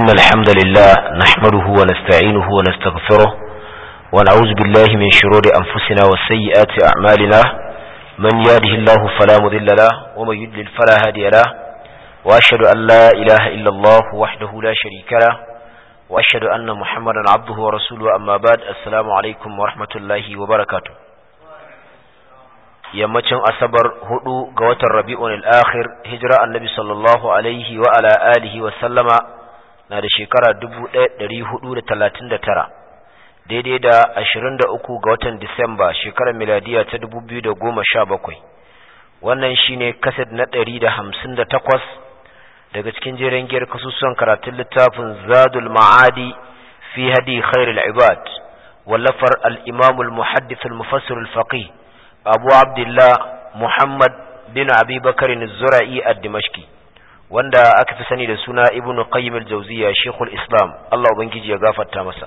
إن الحمد لله نحمده ونستعينه ونستغفره ونعوذ بالله من شرور أنفسنا وسيئات أعمالنا من يهده الله فلا مذل له ومن يدلل فلا هادي له وأشهد أن لا إله إلا الله وحده لا شريك له وأشهد أن محمدا عبده ورسوله أما بعد السلام عليكم ورحمة الله وبركاته yammacin asabar hudu ga watan rabi'un al-akhir hijira annabi sallallahu alaihi wa ala alihi wa sallama na da shekara 1439 daidai da 23 ga watan Disamba shekarar miladiya ta 2017 wannan shine kaset na 158 daga cikin jerin giyar kasusuwan karatun littafin Zadul Ma'adi fi hadi khairul ibad wallafar al-Imam al-Muhaddith mufassir al Abu Abdullah Muhammad bin Abi Bakr zurai a dimashqi wanda aka fi sani da suna ibnu qayyim al-jawziyya shaykhul islam Allah ubangiji ya gafarta masa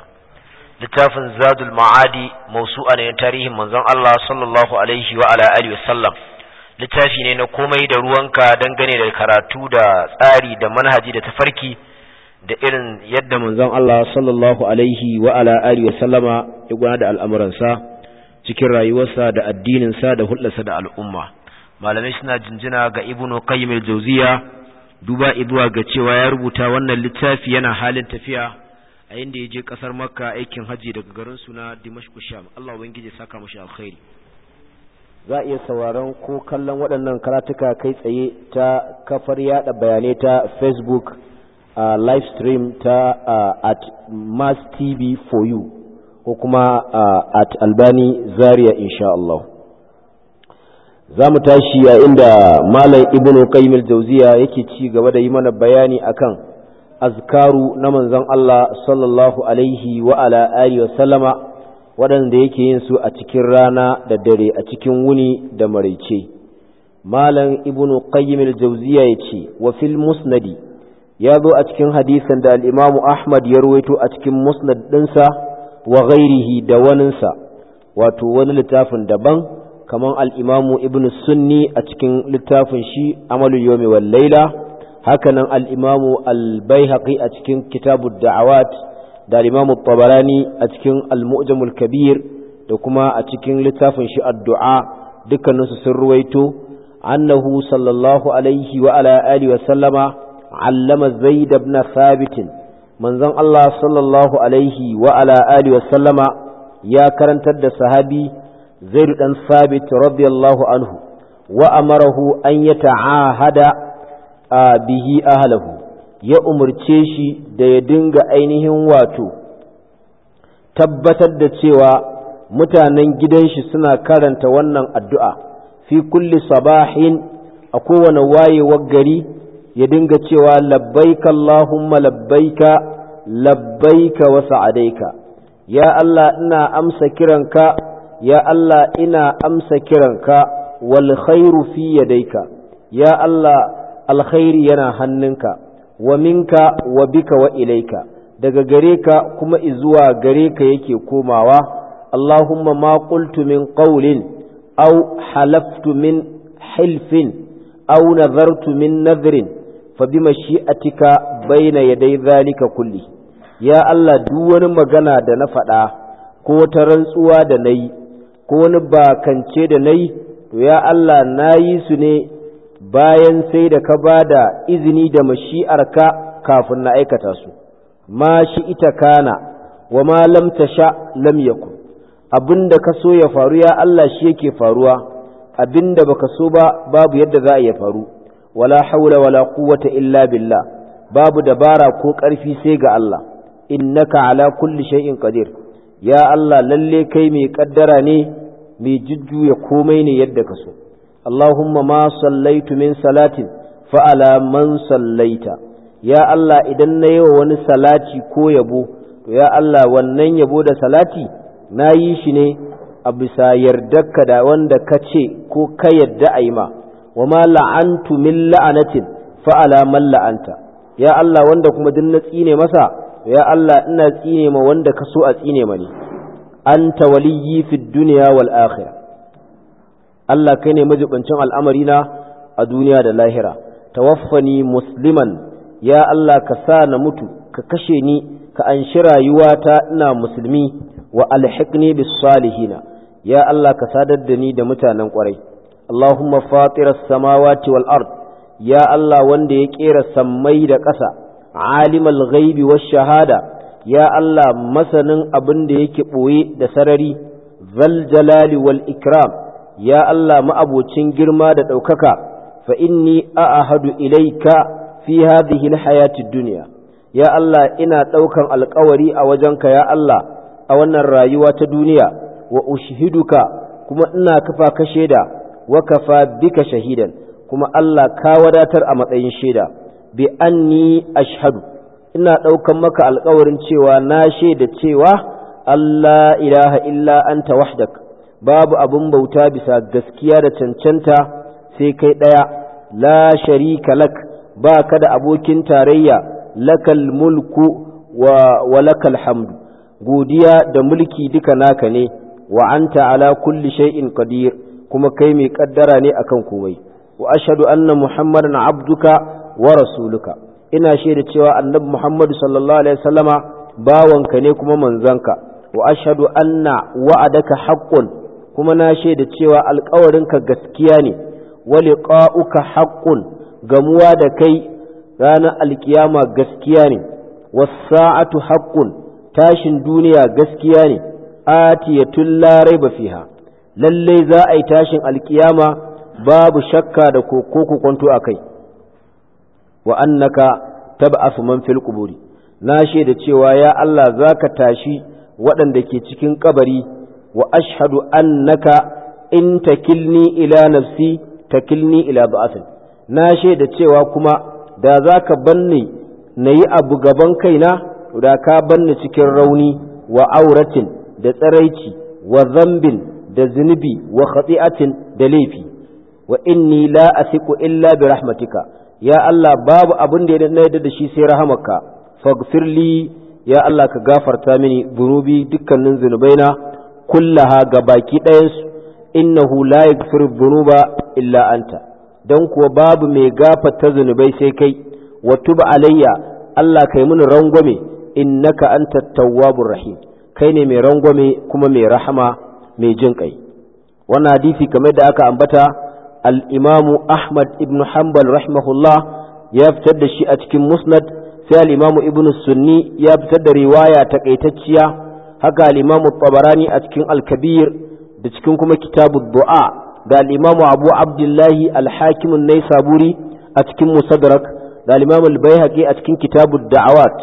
littafin zadul ma'adi mawsu'a ne tarihin manzon Allah sallallahu alaihi wa ala alihi wasallam littafi ne na komai da ruwanka dangane da karatu da tsari da manhaji da tafarki da irin yadda manzon Allah sallallahu alaihi wa ala alihi wasallama ya gwana da al'amuransa cikin rayuwarsa da addininsa da hulɗarsa da al'umma malamai suna jinjina ga ibnu qayyim al-jawziyya duba izuwa ga cewa ya rubuta wannan littafi yana halin tafiya a inda ya je kasar makka aikin hajji daga garin suna dimashku sham Allah ubangiji saka mashi alkhairi za a iya sauraron ko kallon waɗannan karatuka kai tsaye ta kafar yada bayanai ta facebook a live stream ta at mass tv for you ko kuma at albani zaria insha Allah za mu tashi a inda malam ibn qayyim al-jawziya yake ci gaba da yi mana bayani akan azkaru na manzon Allah sallallahu alaihi wa ala alihi wa sallama waɗanda yake yin su a cikin rana da dare a cikin wuni da maraice malam ibn qayyim al-jawziya yace wa fil musnadi ya zo a cikin hadisin da al-imam ahmad ya ruwaito a cikin musnad dinsa wa ghairihi da waninsa wato wani littafin daban kamar al'imamu ibn sunni a cikin littafin shi amalul yomi wal laila hakanan al'imamu al-baihaqi a cikin kitabu da'awat da al'imamu tabarani a cikin al kabir da kuma a cikin littafin shi addu'a dukkaninsu sun ruwaito annahu sallallahu alaihi wa ala sallama allama zaid ibn thabit manzon Allah sallallahu alaihi wa ala sallama ya karantar da sahabi zaidu dan sabit radiyallahu anhu wa amarahu an yata'ahada bihi ahlahu ya umurce shi da ya dinga ainihin wato tabbatar da cewa mutanen gidan shi suna karanta wannan addu'a fi kulli sabahin a kowane wayewar gari ya dinga cewa labbaika Allahumma labbaika labbaika wa sa'adaika ya Allah ina amsa kiranka ya Allah ina amsa kiranka wal khairu fi yadayka ya Allah alkhairi yana hannunka wa minka wa bika wa ilaika daga gare ka kuma izuwa gare ka yake komawa Allahumma ma qultu min qawlin aw halaftu min hilfin aw nazartu min nadrin fa bi mashi'atika bayna yaday zalika kulli ya Allah duk wani magana da na faɗa ko ta rantsuwa da nayi ko wani bakance da nayi to ya Allah na yi su ne bayan sai da ka ba da izini da mashi'arka kafin na aikata su ma shi ita kana wa ma lam tasha lam yakun abinda ka so ya faru ya Allah shi yake faruwa abinda baka so ba babu yadda za a ya faru wala haula wala quwwata illa billah babu dabara ko ƙarfi sai ga Allah innaka ala kulli shay'in qadir ya Allah lalle kai mai kaddara ne mai jujjuya komai ne yadda ka so Allahumma ma sallaitu min salatin fa'ala man sallaita ya Allah idan na yi wa wani salati ko yabo to ya Allah wannan yabo da salati na yi shi ne a bisa yardarka da wanda ka ce ko ka yadda a yi ma wa ma la'antu min la'anatin fa'ala man la'anta ya Allah wanda kuma duk na tsine masa ya Allah ina tsine ma wanda ka so a tsine mani anta waliyyi fid dunya wal akhirah Allah kai ne majibancin al'amari na a duniya da lahira tawaffani musliman ya Allah ka sa na mutu ka kashe ni ka anshi rayuwata ina musulmi wa alhiqni bis salihina ya Allah ka sadar da ni da mutanen kwarai Allahuma fatiras samawati wal art ya Allah wanda ya kera sammai da ƙasa alimal ghaibi wa shahada ya Allah masanin abin da yake ɓoye da sarari zal jalali wal ikram ya Allah ma'abocin girma da ɗaukaka fa inni a'ahadu ilaika fi hadhihi hayati duniya ya Allah ina ɗaukan alkawari a wajenka ya Allah a wannan rayuwa ta duniya wa ushiduka kuma ina kafa ka shaida wa kafa bika shahidan kuma Allah ka wadatar a matsayin shaida bi anni ashhadu ina ɗaukan maka alƙawarin cewa na shaida cewa Allah ilaha illa anta wahdak babu abun bauta bisa gaskiya da cancanta sai kai ɗaya la sharika lak ba ka da abokin tarayya lakal mulku wa, wa lakal hamdu godiya da mulki duka naka ne wa anta ala kulli shay'in qadir kuma kai mai kaddara ne akan komai wa ashhadu anna muhammadan abduka wa rasuluka ina shaida cewa annabi muhammadu sallallahu alaihi wasallama bawanka ne kuma manzanka wa ashhadu anna wa'adaka haqqun kuma na shaida cewa ka gaskiya ne wa liqa'uka haqqun gamuwa da kai ranar alkiyama gaskiya ne was sa'atu haqqun tashin duniya gaskiya ne atiyatul la raiba fiha lalle za a yi tashin alkiyama babu shakka da koko kwanto kai. wa annaka tab'asu man fil quburi na shaida cewa ya Allah zaka tashi waɗanda ke cikin kabari wa ashhadu annaka in takilni ila nafsi takilni ila ba'athin na shaida cewa kuma da zaka banni nayi abu gaban kaina da ka banni cikin rauni wa auratin da tsaraici wa zambin da zunubi wa khati'atin da laifi wa inni la asiku illa bi rahmatika ya Allah babu abin da na yadda da shi sai rahamaka faghfirli ya Allah ka gafarta mini zunubi dukkanin zunubaina kullaha ga baki ɗayansu innahu la yaghfiru dhunuba illa anta dan kuwa babu mai gafarta zunubai sai kai wa tub alayya Allah kai mini rangwame innaka anta tawwabur rahim kai ne mai rangwame kuma mai rahama mai jin kai wannan hadisi kamar da aka ambata الإمام أحمد ابن حنبل رحمه الله يبتد شيئة مسند في الإمام ابن السني يبتد رواية تقيتتشيا هكا الإمام الطبراني أتكن الكبير بتكن كما كتاب الدعاء قال الإمام أبو عبد الله الحاكم النيسابوري أتكن مصدرك قال الإمام البيهقي أتكن كتاب الدعوات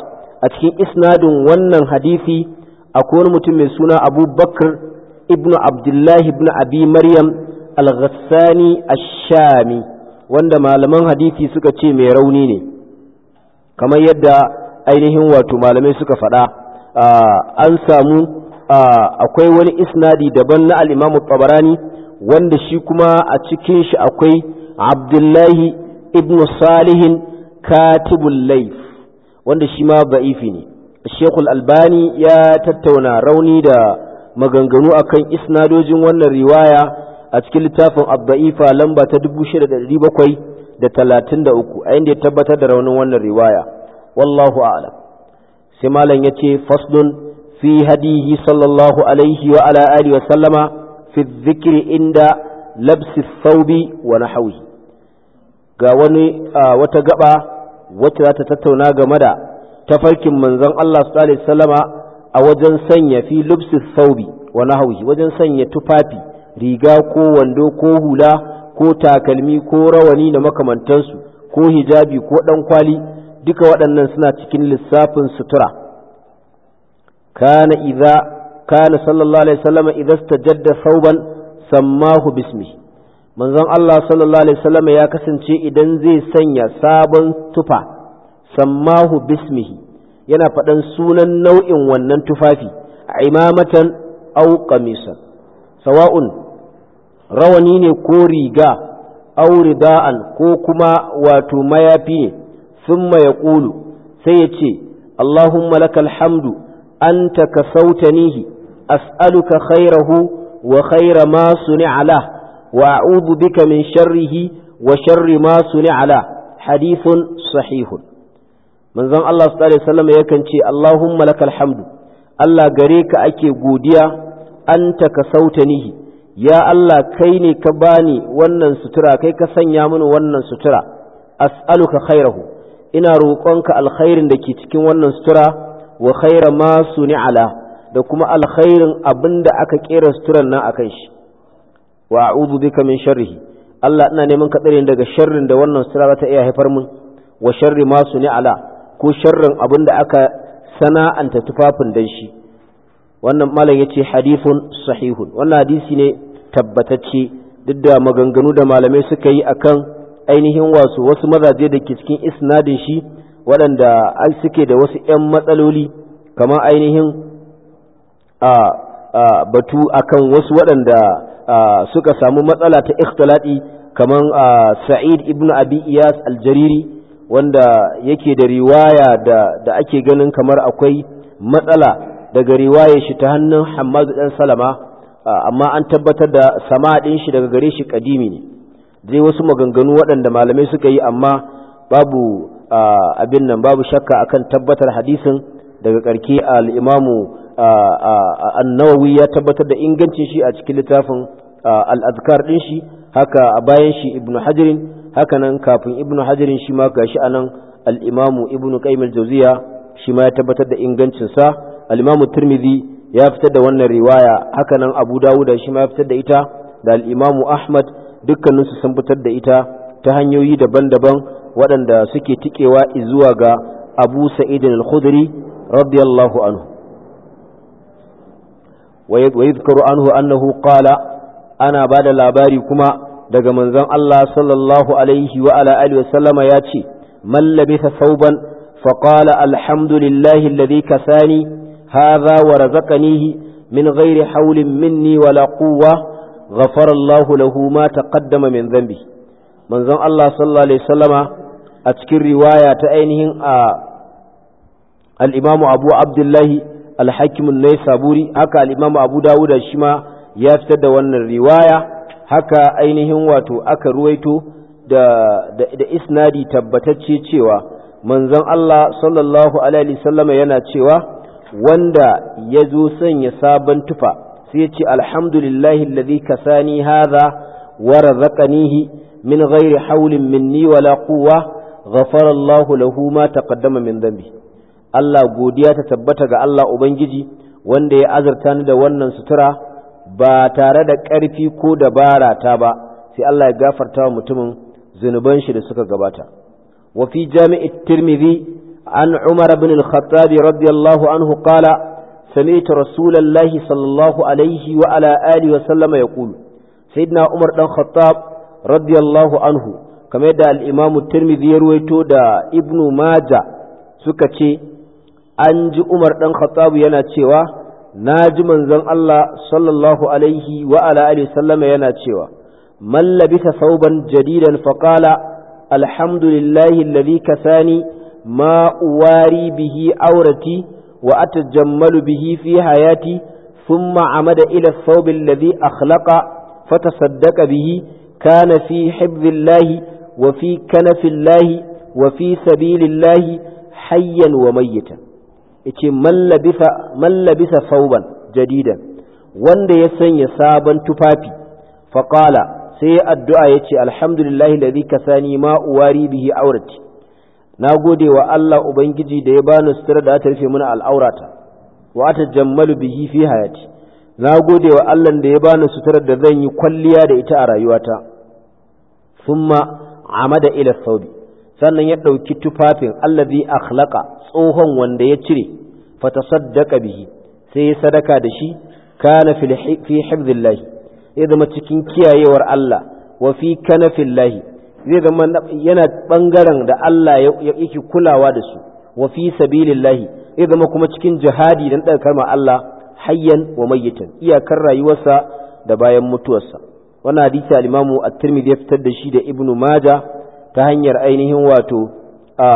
أتكن إسناد ونن حديثي أكون متمسون أبو بكر ابن عبد الله ابن أبي مريم al-ghassani ash-shami wanda malaman hadisi suka ce mai rauni ne kamar yadda ainihin wato malamai suka faɗa an samu akwai wani isnadi daban na al-imam tabarani wanda shi kuma a cikin shi akwai abdullahi ibn salihin katibul laif wanda shi ma ba'ifi ne shekul albani ya tattauna rauni da maganganu akan isnadojin wannan riwaya a cikin littafin abba'ifa lamba ta dubu shida da da da bakwai talatin uku a inda ya tabbatar da raunin wannan riwaya wallahu a'lam sai malam ya ce faslun fi hadihi sallallahu alaihi wa ala alihi wa sallama fi dhikri inda labsi thawbi wa nahwi ga wani wata gaba wacce za ta tattauna game da tafarkin manzon Allah sallallahu alaihi wasallama a wajen sanya fi lubsi thawbi wa nahwi wajen sanya tufafi riga ko wando ko hula ko takalmi ko rawani da makamantansu ko hijabi ko ɗan kwali duka waɗannan suna cikin lissafin sutura kana idza kana sallallahu alaihi wasallam idza stajadda thawban sammahu bismi manzon Allah sallallahu alaihi wasallam ya kasance idan zai sanya sabon tufa sammahu bismihi yana faɗan sunan nau'in wannan tufafi imamatan aw qamisan sawa'un rawani ne ko riga auri da'an ko kuma wato mayafi ne sun ya ƙulu sai ya ce Allahumma lakal alhamdu an ta ka sautanihi as'aluka khairahu wa khaira ma suni'ala wa a'udhu bika min sharrihi wa sharri ma niala hadithun sahihun manzon Allah sallallahu alaihi yakan ce Allahumma lakal hamdu Allah gare ka ake godiya an ta ka nihi. ya Allah kai ne ka bani wannan sutura kai ka sanya mini wannan sutura as'aluka khairahu ina roƙonka alkhairin da ke cikin wannan sutura wa khaira ma ala da kuma alkhairin abinda aka kera suturan nan akan shi wa a'udhu bika min sharrihi Allah ina neman ka tsare daga sharrin da wannan sutura za ta iya haifar min wa sharri ma ala ko sharrin abinda aka sana'anta tufafin dan shi wannan malam yace hadithun sahihun wannan hadisi ne tabbatacce duk da maganganu da malamai suka yi akan ainihin wasu wasu mazaje da ke cikin isnadin shi waɗanda an suke da wasu 'yan matsaloli kamar ainihin a batu akan wasu waɗanda suka samu matsala ta ikhtilati kamar sa'id ibn abi iyas aljariri wanda yake da riwaya da, da ake ganin kamar akwai matsala daga riwayar shi ta hannun hammadu ɗan salama Ah, amma an tabbatar da sama ɗin shi daga gare shi kadimi ne zai wasu maganganu waɗanda malamai suka yi amma babu ah, abin nan babu shakka akan tabbatar hadisin daga ƙarke al'imamu ah, annawawi ya tabbatar da ingancin shi a cikin littafin al'azkar ɗin shi haka a bayan shi ibnu hajirin haka nan kafin ibnu hajirin shi ma gashi a nan al'imamu ibnu ƙaimil jauziya shima shi ma ya tabbatar da ingancinsa al'imamu turmizi ya fitar da wannan riwaya hakanan abu dawuda shi ma ya fitar da ita da al'imamu ahmad dukkaninsu sun fitar da ita ta hanyoyi daban-daban waɗanda suke tikewa zuwa ga abu sa'idin al-khudri radiyallahu anhu wa yadhkuru anhu annahu qala ana bada labari kuma daga manzon Allah sallallahu alaihi wa ala alihi wasallama ya ce man labitha thawban فقال الحمد لله الذي هذا ورزقنيه من غير حول مني ولا قوة غفر الله له ما تقدم من ذنبه من ذن الله صلى الله عليه وسلم أتكر رواية أينهم آه الإمام أبو عبد الله الحكم النيسابوري هكا الإمام أبو داود الشما يفتد وأن الرواية هكا أينهم واتو أكا رويتو da, da, da isnadi tabbatacce cewa manzon Allah sallallahu alaihi wasallam yana cewa wanda ya zo sanya sabon tufa sai ya ce alhamdulillahi alladhi kasani haza wa razaqanihi min ghairi haulin minni wala quwwa ghafara Allahu lahu ma taqaddama min zambi. Allah godiya ta tabbata ga Allah ubangiji wanda ya azurta ni da wannan sutura ba tare da ƙarfi ko dabara ta ba sai Allah ya gafarta wa mutumin zunuban shi da suka gabata wa fi jami'it tirmidhi عن عمر بن الخطاب رضي الله عنه قال سمعت رسول الله صلى الله عليه وعلى آله وسلم يقول سيدنا عمر بن الخطاب رضي الله عنه كما يدى الإمام الترمذي يرويته دا ابن ماجة سكتي أنج عمر بن الخطاب يناتشيوا ناج منزل الله صلى الله عليه وعلى آله وسلم يناتشيوا من لبث ثوبا جديدا فقال الحمد لله الذي كساني ma uwari bihi aurati wa atajammalu bihi fi hayati thumma amada ila thawb alladhi akhlaqa fatasaddaqa bihi kana fi hibzillahi wa fi kanafillahi wa fi sabilillahi hayyan wa mayyitan yace man labisa man wanda ya sanya sabon tufafi faƙala sai addu'a yace alhamdulillahi alladhi sani ma uwari bihi aurati na gode wa Allah Ubangiji da ya bani sutura da ta rufe mana al'aurata wa ta jammalu bihi fi hayati na gode wa Allah da ya bani sutura da zan yi kwalliya da ita a rayuwata thumma amada ila saudi sannan ya ɗauki tufafin allazi akhlaqa tsohon wanda ya cire fa tasaddaqa bihi sai ya sadaka da shi kana fi hifzillahi ya zama cikin kiyayewar Allah wa fi kanafillahi zai zama yana bangaren da Allah ya yake kulawa da su wa fi sabilillahi zai zama kuma cikin jihadi dan daga karma Allah hayyan wa mayyitan iyakar rayuwarsa da bayan mutuwarsa wannan hadisi al-Imam at-Tirmidhi ya fitar da shi da Ibn Majah ta hanyar ainihin wato a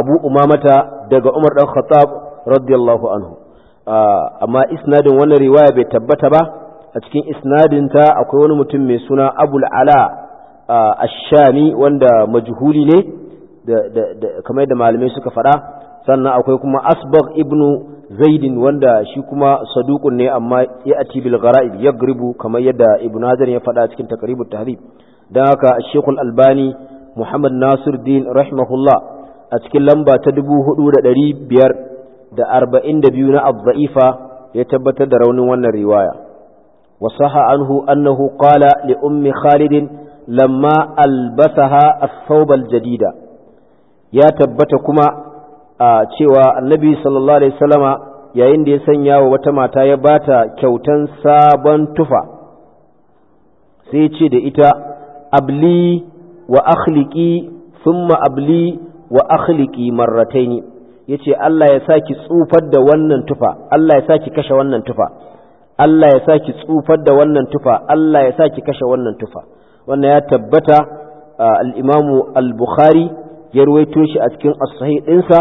Abu Umamata daga Umar dan Khattab radiyallahu anhu amma isnadin wannan riwaya bai tabbata ba a cikin isnadinta akwai wani mutum mai suna abul ala ashami wanda majhuli ne kamar da malamai suka faɗa sannan akwai kuma asbagh ibnu zaidin wanda shi kuma saduqun ne amma ya ati bil ya yagribu kamar yadda ibnu hazar ya faɗa cikin taqribut tahrib dan haka shekul albani muhammad nasir din rahimahullah a cikin lamba ta dubu hudu da ɗari biyar da arba'in da biyu na abza'ifa ya tabbatar da raunin wannan riwaya وصح عنه أنه قال لأم خالد لما ألبسها الثوب الجديد يا تبتكما cewa annabi sallallahu alaihi wasallama yayin da ya sanya wa wata mata ya bata kyautan sabon tufa sai ce da ita abli wa akhliki thumma abli wa akhliki marrataini yace Allah ya saki tsufar da wannan tufa Allah ya saki kashe wannan tufa Allah ya sa ki tsufar da wannan tufa Allah ya sa ki kashe wannan tufa wannan ya tabbata al'imamu al-Bukhari ya ruwaito shi a cikin as-sahih dinsa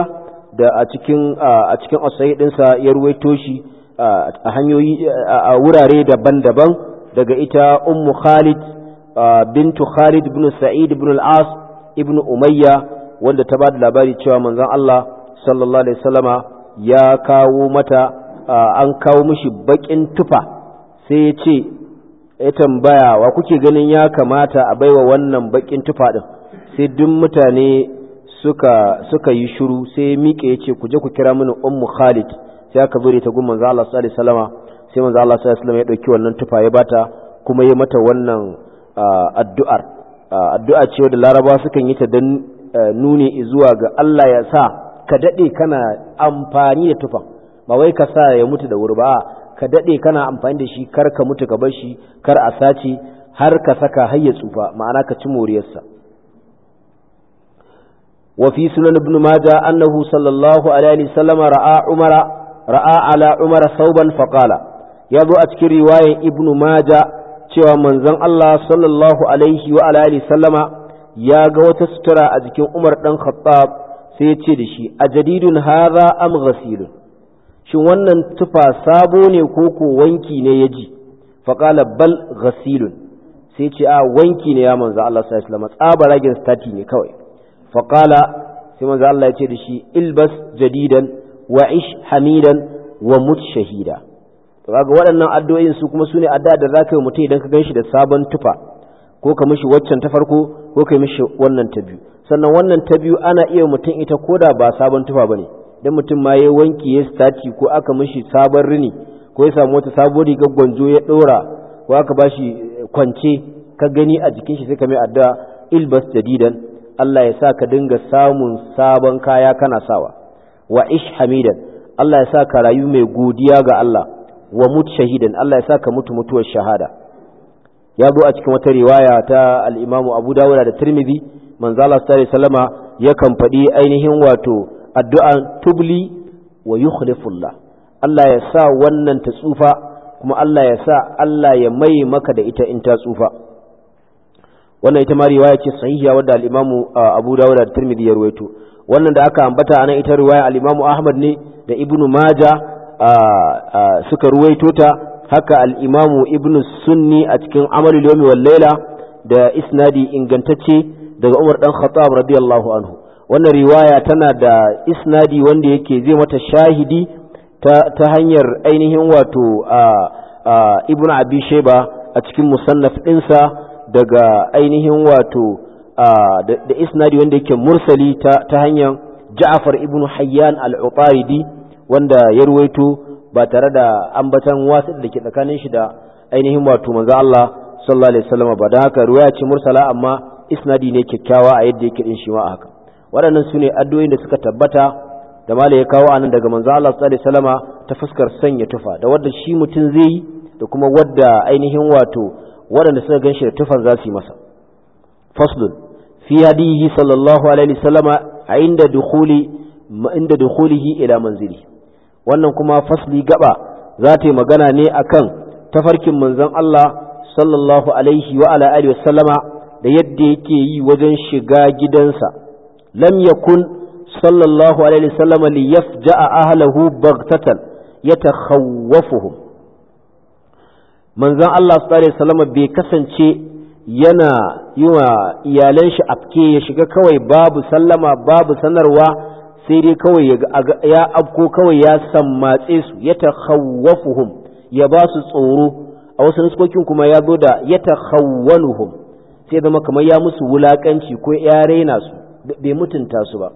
da a cikin a cikin as-sahih dinsa ya ruwaito shi a hanyoyi a wurare daban-daban daga ita ummu Khalid bintu Khalid ibn Sa'id ibn al-As ibn Umayya wanda ta ba da labari cewa manzon Allah sallallahu alaihi wasallama ya kawo mata an kawo mishi bakin tufa sai ya ce ya tambaya wa kuke ganin ya kamata a baiwa wannan bakin tufa din sai duk mutane suka yi shuru sai ya miƙe ya ce ku je ku kira mini ummu khalid sai aka zo ta gun manzo Allah sallallahu sai manzo Allah sallallahu alaihi ya dauki wannan tufa ya bata kuma ya mata wannan addu'ar addu'a ce da Laraba sukan yi ta dan eh, nuni zuwa ga Allah ya sa ka daɗe kana amfani da tufan ba wai ka sa ya mutu da wuri ba ka dade kana amfani da shi kar ka mutu ka bar shi kar a sace har ka saka har ya tsufa ma'ana ka ci moriyarsa wa fi sunan ibn majah annahu sallallahu alaihi wasallam ra'a umara ra'a ala umara sauban fa qala yazo a cikin riwayan ibn majah cewa manzon Allah sallallahu alaihi wa alihi sallama ya ga wata sutura a jikin Umar dan Khattab sai ya ce da shi a jaridun hadha am ghasilun shin wannan tufa sabo ne ko ko wanki ne ya ji faƙala bal ghasilun sai ce a wanki ne ya manzo Allah sai alaihi tsaba ragin stati ne kawai faƙala sai manzo Allah ya ce da shi ilbas jadidan wa ish hamidan wa mut shahida to kaga waɗannan addu'o'in su kuma sune addu'a da zaka yi mutum idan ka ganshi da sabon tufa ko ka mishi waccan ta farko ko ka mishi wannan ta biyu sannan wannan ta biyu ana iya mutum ita koda ba sabon tufa bane dan mutum ma ya wanki ya stati ko aka mishi sabon rini ko ya samu wata sabon rigar gwanjo ya dora ko aka bashi eh, kwance ka gani a jikin shi sai ka mai addu'a ilbas jadidan Allah ya sa ka dinga samun sabon kaya kana sawa wa ish hamidan Allah ya sa ka rayu mai godiya ga Allah wa mut shahidan Allah ya sa ka mutu mutuwar shahada ya zo a cikin wata riwaya ta al-Imam Abu Dawud da Tirmidhi manzo Allah sallallahu alaihi wasallama yakan faɗi ainihin wato addu'a tubli wa yukhlifullah Allah ya sa wannan ta tsufa kuma Allah ya sa Allah ya mai maka da ita in ta tsufa wannan ita ma riwaya ce sahihiya wadda al'imamu imam uh, Abu Dawud da Tirmidhi ya ruwaito wannan da aka ambata anan ita riwaya al'imamu Ahmad ne da Ibn Maja uh, uh, suka ruwaito ta haka al'imamu ibnu Ibn Sunni a cikin Amalul Yawmi wal Laila da isnadi ingantacce daga Umar dan Khattab radiyallahu anhu wannan riwaya tana da isnadi wanda yake zai mata shahidi ta hanyar ainihin wato ibn abi sheba a cikin musannaf ɗinsa daga ainihin wato da isnadi wanda yake mursali ta hanyar ja'afar ibn hayyan al uqaidi wanda ya ruwaito ba tare da ambatan wasu da ke tsakanin shi da ainihin wato manzo Allah sallallahu alaihi wasallam ba don haka ruwaya ce mursala amma isnadi ne kyakkyawa a yadda yake din shi ma haka waɗannan su ne addu'o'in da suka tabbata da mala ya kawo anan daga manzo Allah tsari salama ta fuskar sanya tufa da wadda shi mutum zai yi da kuma wadda ainihin wato waɗanda suka gan shi da tufan za su yi masa faslun fi hadihi sallallahu alaihi salama a inda ma inda dukhulihi ila manzili wannan kuma fasli gaba za ta yi magana ne akan tafarkin manzon Allah sallallahu alaihi wa ala wasallama da yadda yake yi wajen shiga gidansa lam yakun sallallahu alaihi wasallam li yafja'a ahlahu baghtatan yatakhawwafuhum manzon Allah sallallahu alaihi wasallam bai kasance yana yi wa iyalan shi afke ya shiga kawai babu sallama babu sanarwa sai dai kawai ya afko kawai ya sammatse su ya takhawwafuhum ya ba su tsoro a wasu nuskokin kuma ya zo da ya takhawwaluhum sai zama kamar ya musu wulakanci ko ya raina su bai mutunta su ba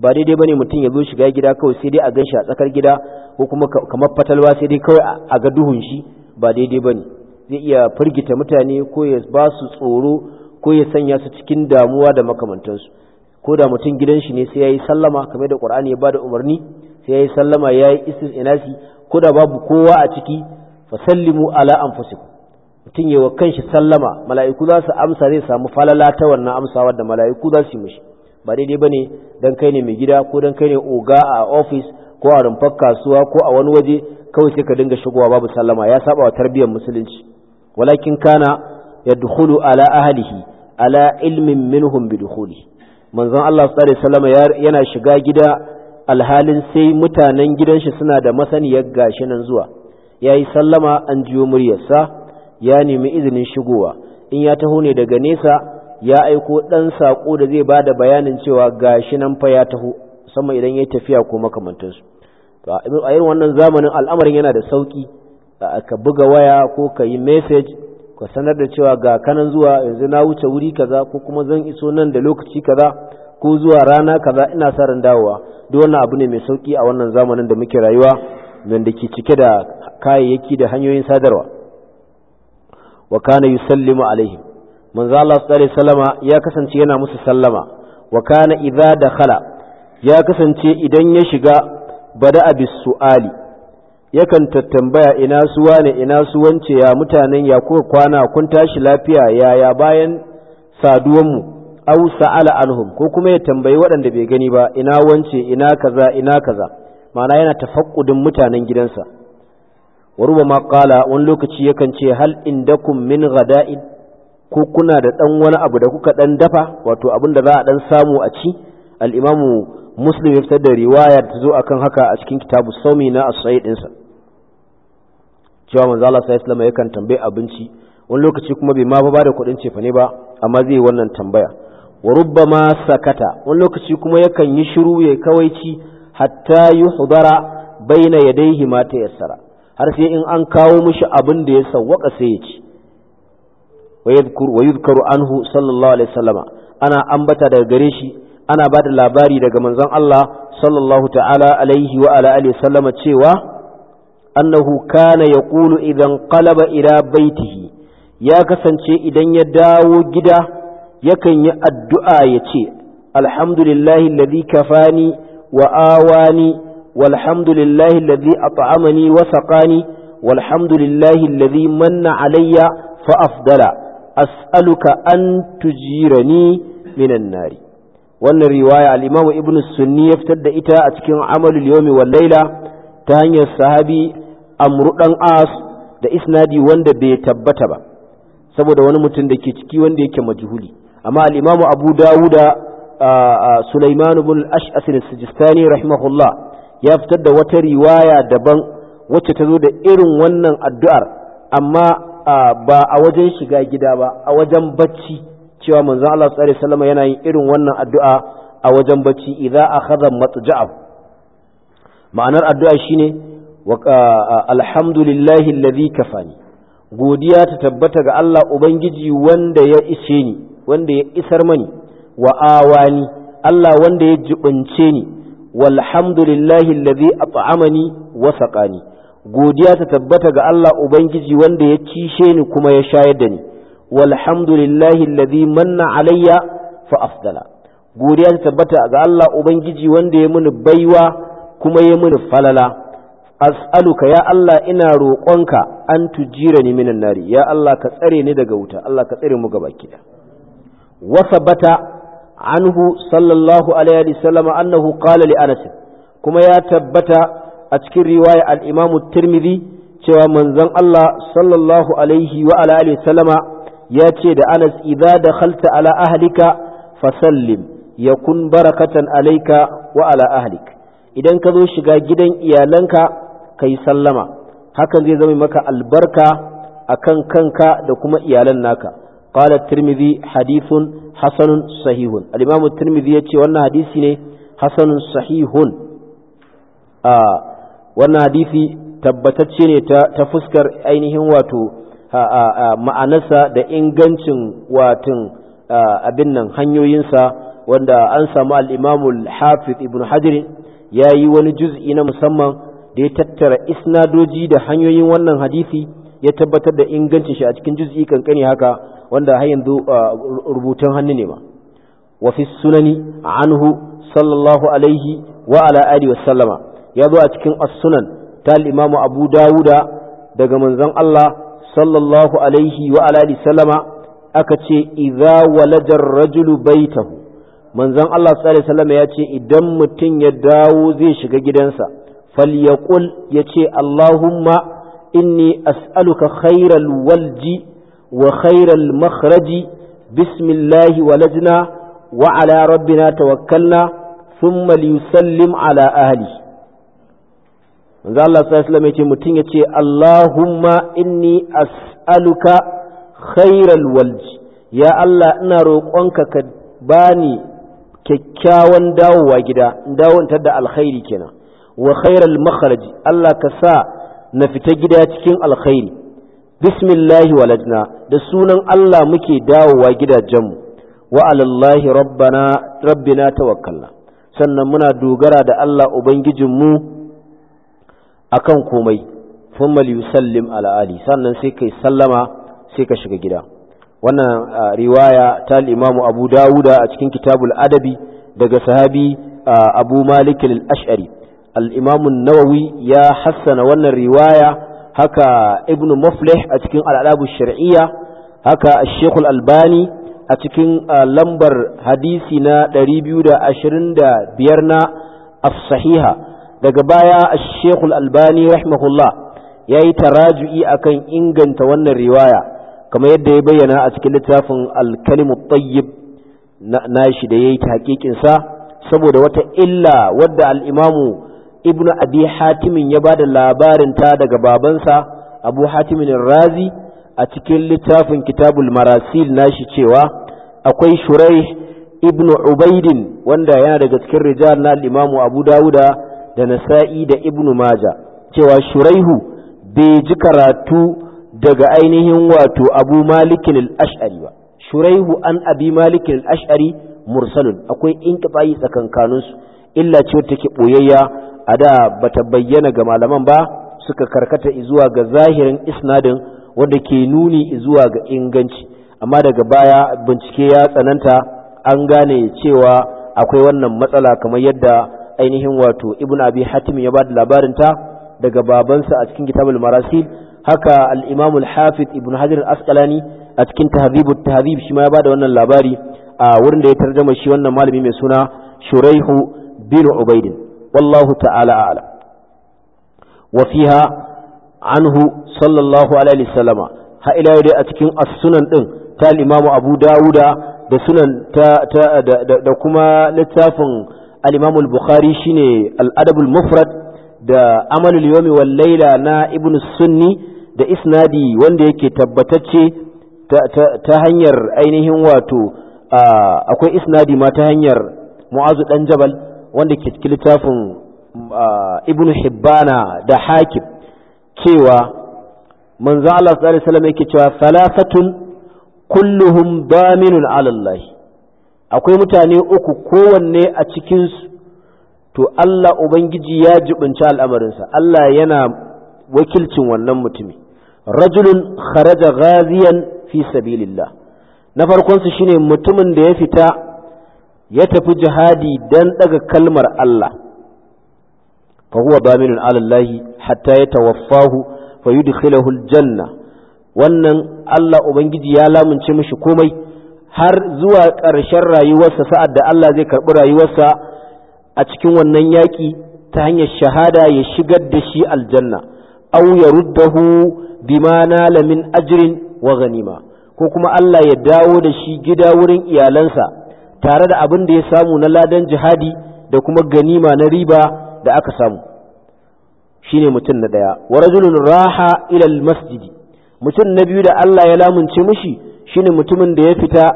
ba daidai bane mutum ya zo shiga gida kawai sai dai a ganshi a tsakar gida ko kuma kamar fatalwa sai dai kawai a ga duhun shi ba daidai bane zai iya firgita mutane ko ya ba su tsoro ko ya sanya su cikin damuwa da makamantansu ko da mutum gidan shi ne sai yayi sallama kamar da Qur'ani ya bada umarni sai yayi sallama yayi inasi ko da babu kowa a ciki sallimu ala anfusikum mutum yayi wa kanshi sallama mala'iku za su amsa zai samu falala ta wannan amsawar da mala'iku za su yi mishi ba daidai ba ne don kai ne mai gida ko don kai ne oga a ofis ko a rumfar kasuwa ko a wani waje kawai sai ka dinga shigowa babu sallama ya saba wa tarbiyyar musulunci walakin kana ya yadkhulu ala ahlihi ala ilmin minhum bi dukhuli manzon Allah sallallahu alaihi yana shiga gida alhalin sai mutanen gidan shi suna da masaniyar gashi nan zuwa yayi sallama an jiyo muryarsa ya nemi izinin shigowa in ya taho ne daga nesa ya aiko ɗan saƙo da zai ba da bayanin cewa gashi nan fa ya taho sama idan ya tafiya ko makamantansu a irin wannan zamanin al'amarin yana da sauki ka buga waya ko ka yi message ka sanar da cewa ga kanan zuwa yanzu na wuce wuri kaza ko kuma zan iso nan da lokaci kaza ko zuwa rana kaza ina sa ran dawowa duk wannan abu ne mai sauki a wannan zamanin da muke rayuwa nan da ke cike da kayayyaki da hanyoyin sadarwa wa kana yusallimu alaihim manzo Allah sallallahu alaihi ya kasance yana musu sallama wa kana idza dakhala ya kasance idan ya shiga bada abi su'ali yakan tattambaya ina su wane ina su wance ya mutanen ya kuka kwana kun tashi lafiya yaya bayan saduwanmu au sa'ala anhum ko kuma ya tambayi waɗanda bai gani ba ina wance ina kaza ina kaza ma'ana yana tafakkudin mutanen gidansa wa rubama qala wani lokaci yakan ce hal indakum min ghada'in ko kuna da ɗan wani abu da kuka ɗan dafa wato abin da za a ɗan samu a ci al'imamu muslim ya fitar da riwaya ta zo akan haka a cikin kitabu saumi na asai ɗinsa cewa manzo Allah sai islama yakan tambaye abinci wani lokaci kuma bai ma ba da kuɗin cefa ne ba amma zai yi wannan tambaya wa rubbama sakata wani lokaci kuma yakan yi shiru ya kawai ci, hatta yuhdara baina yadayhi ma tayassara har sai in an kawo mishi abin da ya sawwaka sai ya ci wa anhu sallallahu alaihi sallama ana ambata daga gare shi ana ba da labari daga manzon Allah sallallahu ta'ala alaihi wa ala alihi sallama cewa annahu kana yaqulu idan qalaba ila baitihi ya kasance idan ya dawo gida yakan yi addu'a ya ce alhamdulillahi alladhi kafani wa awani walhamdulillahi alladhi at'amani wa saqani walhamdulillahi alladhi manna alayya fa afdala as'aluka an tujirani minan nari wannan riwaya Alimamu ibn sunni ya fitar da ita a cikin amalul yawmi wal laila ta hanyar sahabi amru dan as da isnadi wanda bai tabbata ba saboda wani mutum da ke ciki wanda yake majhuli amma al abu dawuda sulaiman ibn al-ash'as al-sijistani rahimahullah ya fitar da wata riwaya daban wacce ta zo da irin wannan addu'ar amma ba a wajen shiga gida ba a wajen bacci cewa manzo Allah sallallahu alaihi wasallam yana yin irin wannan addu'a a wajen bacci idza akhadha matja'a ma'anar addu'a shine alhamdulillahi alladhi kafani godiya ta tabbata ga Allah ubangiji wanda ya ishe ni wanda ya isar mani wa awani Allah wanda ya jibince ni walhamdulillahi alladhi at'amani wa saqani godiya ta tabbata ga Allah Ubangiji wanda ya cishe ni kuma ya shayar da ni walhamdulillahi alladhi manna alayya fa afdala godiya ta tabbata ga Allah Ubangiji wanda ya muni baiwa kuma ya muni falala as'aluka ya Allah ina roƙonka an tujira ni minan nari ya Allah ka tsare ni daga wuta Allah ka tsare mu gaba kida bata, anhu sallallahu alaihi wasallam annahu qala li anas kuma ya tabbata a cikin riwaya alimamu imamu cewa manzon Allah sallallahu alaihi wa ala sallama ya ce da Anas idza dakhalta ala ahlika fasallim kun barakatan alayka wa ala ahlik idan ka zo shiga gidan iyalanka kayi sallama hakan zai zama maka albarka akan kanka da kuma iyalan naka قال الترمذي حديث حسن صحيح الإمام الترمذي يتي وانا حديثي ne حسن صحيح آه wannan hadisi tabbatacce ne ta fuskar ainihin wato ma'anarsa da ingancin watin abin nan hanyoyinsa wanda an samu al'imamul hafiz ibn hajar ya yi wani juz'i na musamman da ya tattara isnadoji da hanyoyin wannan hadisi ya tabbatar da ingancin shi a cikin juz'i kankani haka wanda har yanzu rubutun hannu ne ma wa fi sunani anhu sallallahu alaihi wa ala alihi wa sallama ya zo a cikin as-sunan ta al-imamu abu dawuda daga manzon Allah sallallahu alaihi wa alihi sallama aka ce idza walada rajulu baitahu manzon Allah sallallahu alaihi wasallam ya ce idan mutum ya dawo zai shiga gidansa falyaqul yace Allahumma inni as'aluka khairal walji wa khairal makhraji bismillahi walajna wa ala rabbina tawakkalna thumma liyusallim ala ahli manzo Allah sallallahu alaihi wasallam yace mutun yace Allahumma inni as'aluka khairal walj ya Allah ina roƙonka ka bani kyakkyawan dawowa gida dawon da alkhairi kenan wa khairal makharaj Allah ka sa na fita gida cikin alkhairi bismillahi walajna da sunan Allah muke dawowa gidajenmu wa alallahi rabbana rabbina tawakkalna sannan muna dogara da Allah ubangijinmu akan komai thumma yusallim ala ali sannan sai kai sallama sai ka shiga gida wannan riwaya ta al Abu Dawuda a cikin Kitabul Adabi daga sahabi Abu Malik al-Ash'ari al nawawi ya hassana wannan riwaya haka Ibn Muflih a cikin al-Adab shariyya haka Shekul albani a cikin lambar hadisi na 225 na as-sahiha daga baya Sheikh Al-Albani rahimahullah yayi taraju'i akan inganta wannan riwaya kamar yadda ya bayyana a cikin littafin Al-Kalim At-Tayyib nashi da yayi hakikin sa saboda wata illa wadda al ibnu Ibn Abi Hatim ya bada labarin ta daga babansa Abu Hatim razi a cikin littafin Kitabul Marasil nashi cewa akwai shurai ibn Ubaidin wanda yana daga cikin rijal na al Abu Dawuda da nasa'i da ibnu maja cewa shuraihu bai ji karatu daga ainihin wato abu malikin al-ash'ari ba shuraihu an abi malikin al-ash'ari mursalun akwai inkifayi tsakankanin su illa ce take ɓoyayya, a da bata bayyana ga malaman ba suka karkata zuwa ga zahirin isnadin wanda ke nuni zuwa ga inganci amma daga baya bincike ya tsananta an gane cewa akwai wannan matsala kamar yadda ainihin wato ibn abi hatim ya ba da ta daga babansa a cikin kitabul marasil haka al-imam al-hafiz ibn hajar al-asqalani a cikin tahdhibut tahdhib shi ma ya ba da wannan labari a wurin da ya tarjama shi wannan malami mai suna shuraihu bin ubaid wallahu ta'ala a'lam wa fiha anhu sallallahu alaihi wasallama ha ila yau a cikin as-sunan din ta al-imam abu dauda da sunan ta da kuma littafin al-imam al-bukhari shine al-adab al-mufrad da amal al-yawmi layla na ibn sunni da isnadi wanda yake tabbatacce ta hanyar ainihin wato akwai isnadi ma ta hanyar mu'azu ɗan jabal wanda ke cikin littafin ibn hibbana da hakim cewa manzo Allah sallallahu alaihi wasallam yake cewa salafatun kulluhum daminun ala Allah akwai mutane uku kowanne a cikinsu to Allah Ubangiji ya jibinci al'amarinsa Allah yana wakilcin wannan mutumi rajulun kharaja ghaziyan fi sabilillah na farkonsu shine mutumin da ya fita ya tafi jihadi dan daga kalmar Allah fa huwa alallahi hatta ya tawaffahu fa yudkhilahu aljanna wannan Allah Ubangiji ya lamunce mashi komai har zuwa ƙarshen rayuwarsa sa'ad da Allah zai karɓi rayuwarsa a cikin wannan yaƙi ta hanyar shahada ya shigar da shi aljanna aw ya ruddahu bima nala min ajrin wa ganima ko kuma Allah ya dawo da shi gida wurin iyalansa tare da abin da ya samu na ladan jihadi da kuma ganima na riba da aka samu shine mutum na ɗaya wa rajulun raha ilal masjidi mutum na biyu da Allah ya lamunce mishi shine mutumin da ya fita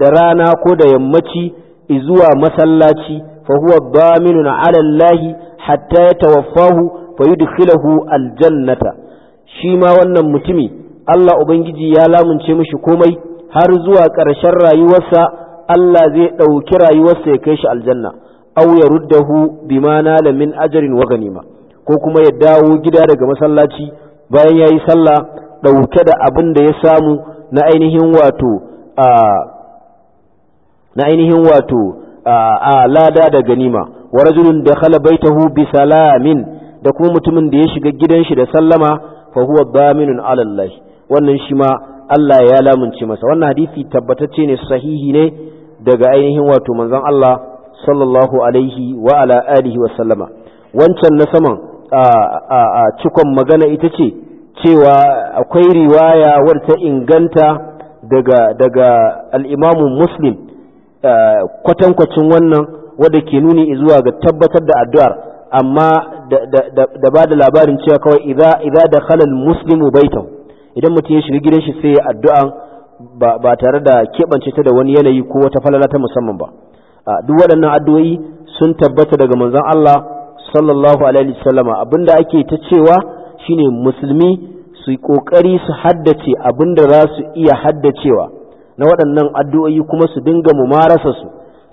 da rana ko da yammaci izuwa masallaci fa huwa daminun ala Allah hatta yatawaffahu fa filahu aljannata shi ma wannan mutumi Allah ubangiji ya lamunce mashi komai har zuwa ƙarshen rayuwarsa Allah zai ɗauki rayuwarsa ya kai shi aljanna aw yaruddahu bima nala min ajrin wa ganima ko kuma ya dawo gida daga masallaci bayan yayi sallah ɗauke da abin da ya samu na ainihin wato na ainihin wato a lada da ganima wa rajulun dakhala baitahu bi salamin da kuma mutumin da ya shiga gidan shi da sallama fa huwa daminun ala Allah wannan shi ma Allah ya lamunce masa wannan hadisi tabbatacce ne sahihi ne daga ainihin wato manzon Allah sallallahu alaihi wa ala alihi wa sallama wancan na saman a cikon magana ita ce cewa akwai riwaya wadda inganta daga daga al'imamu muslim eh, kwatankwacin wannan wadda ke nuni zuwa ga tabbatar da addu'ar amma da ba da labarin cewa kawai idza da khalal muslimu baita idan mutum ya shiga gidan shi sai ya addu'a ba tare da keɓance ta da wani yanayi ko wata falala ta musamman ba duk waɗannan addu'o'i sun tabbata daga manzon Allah sallallahu alaihi wasallama abinda ake ta cewa shine musulmi su yi ƙoƙari su haddace abin da za su iya haddacewa na waɗannan addu'o'i kuma su dinga mumarasa su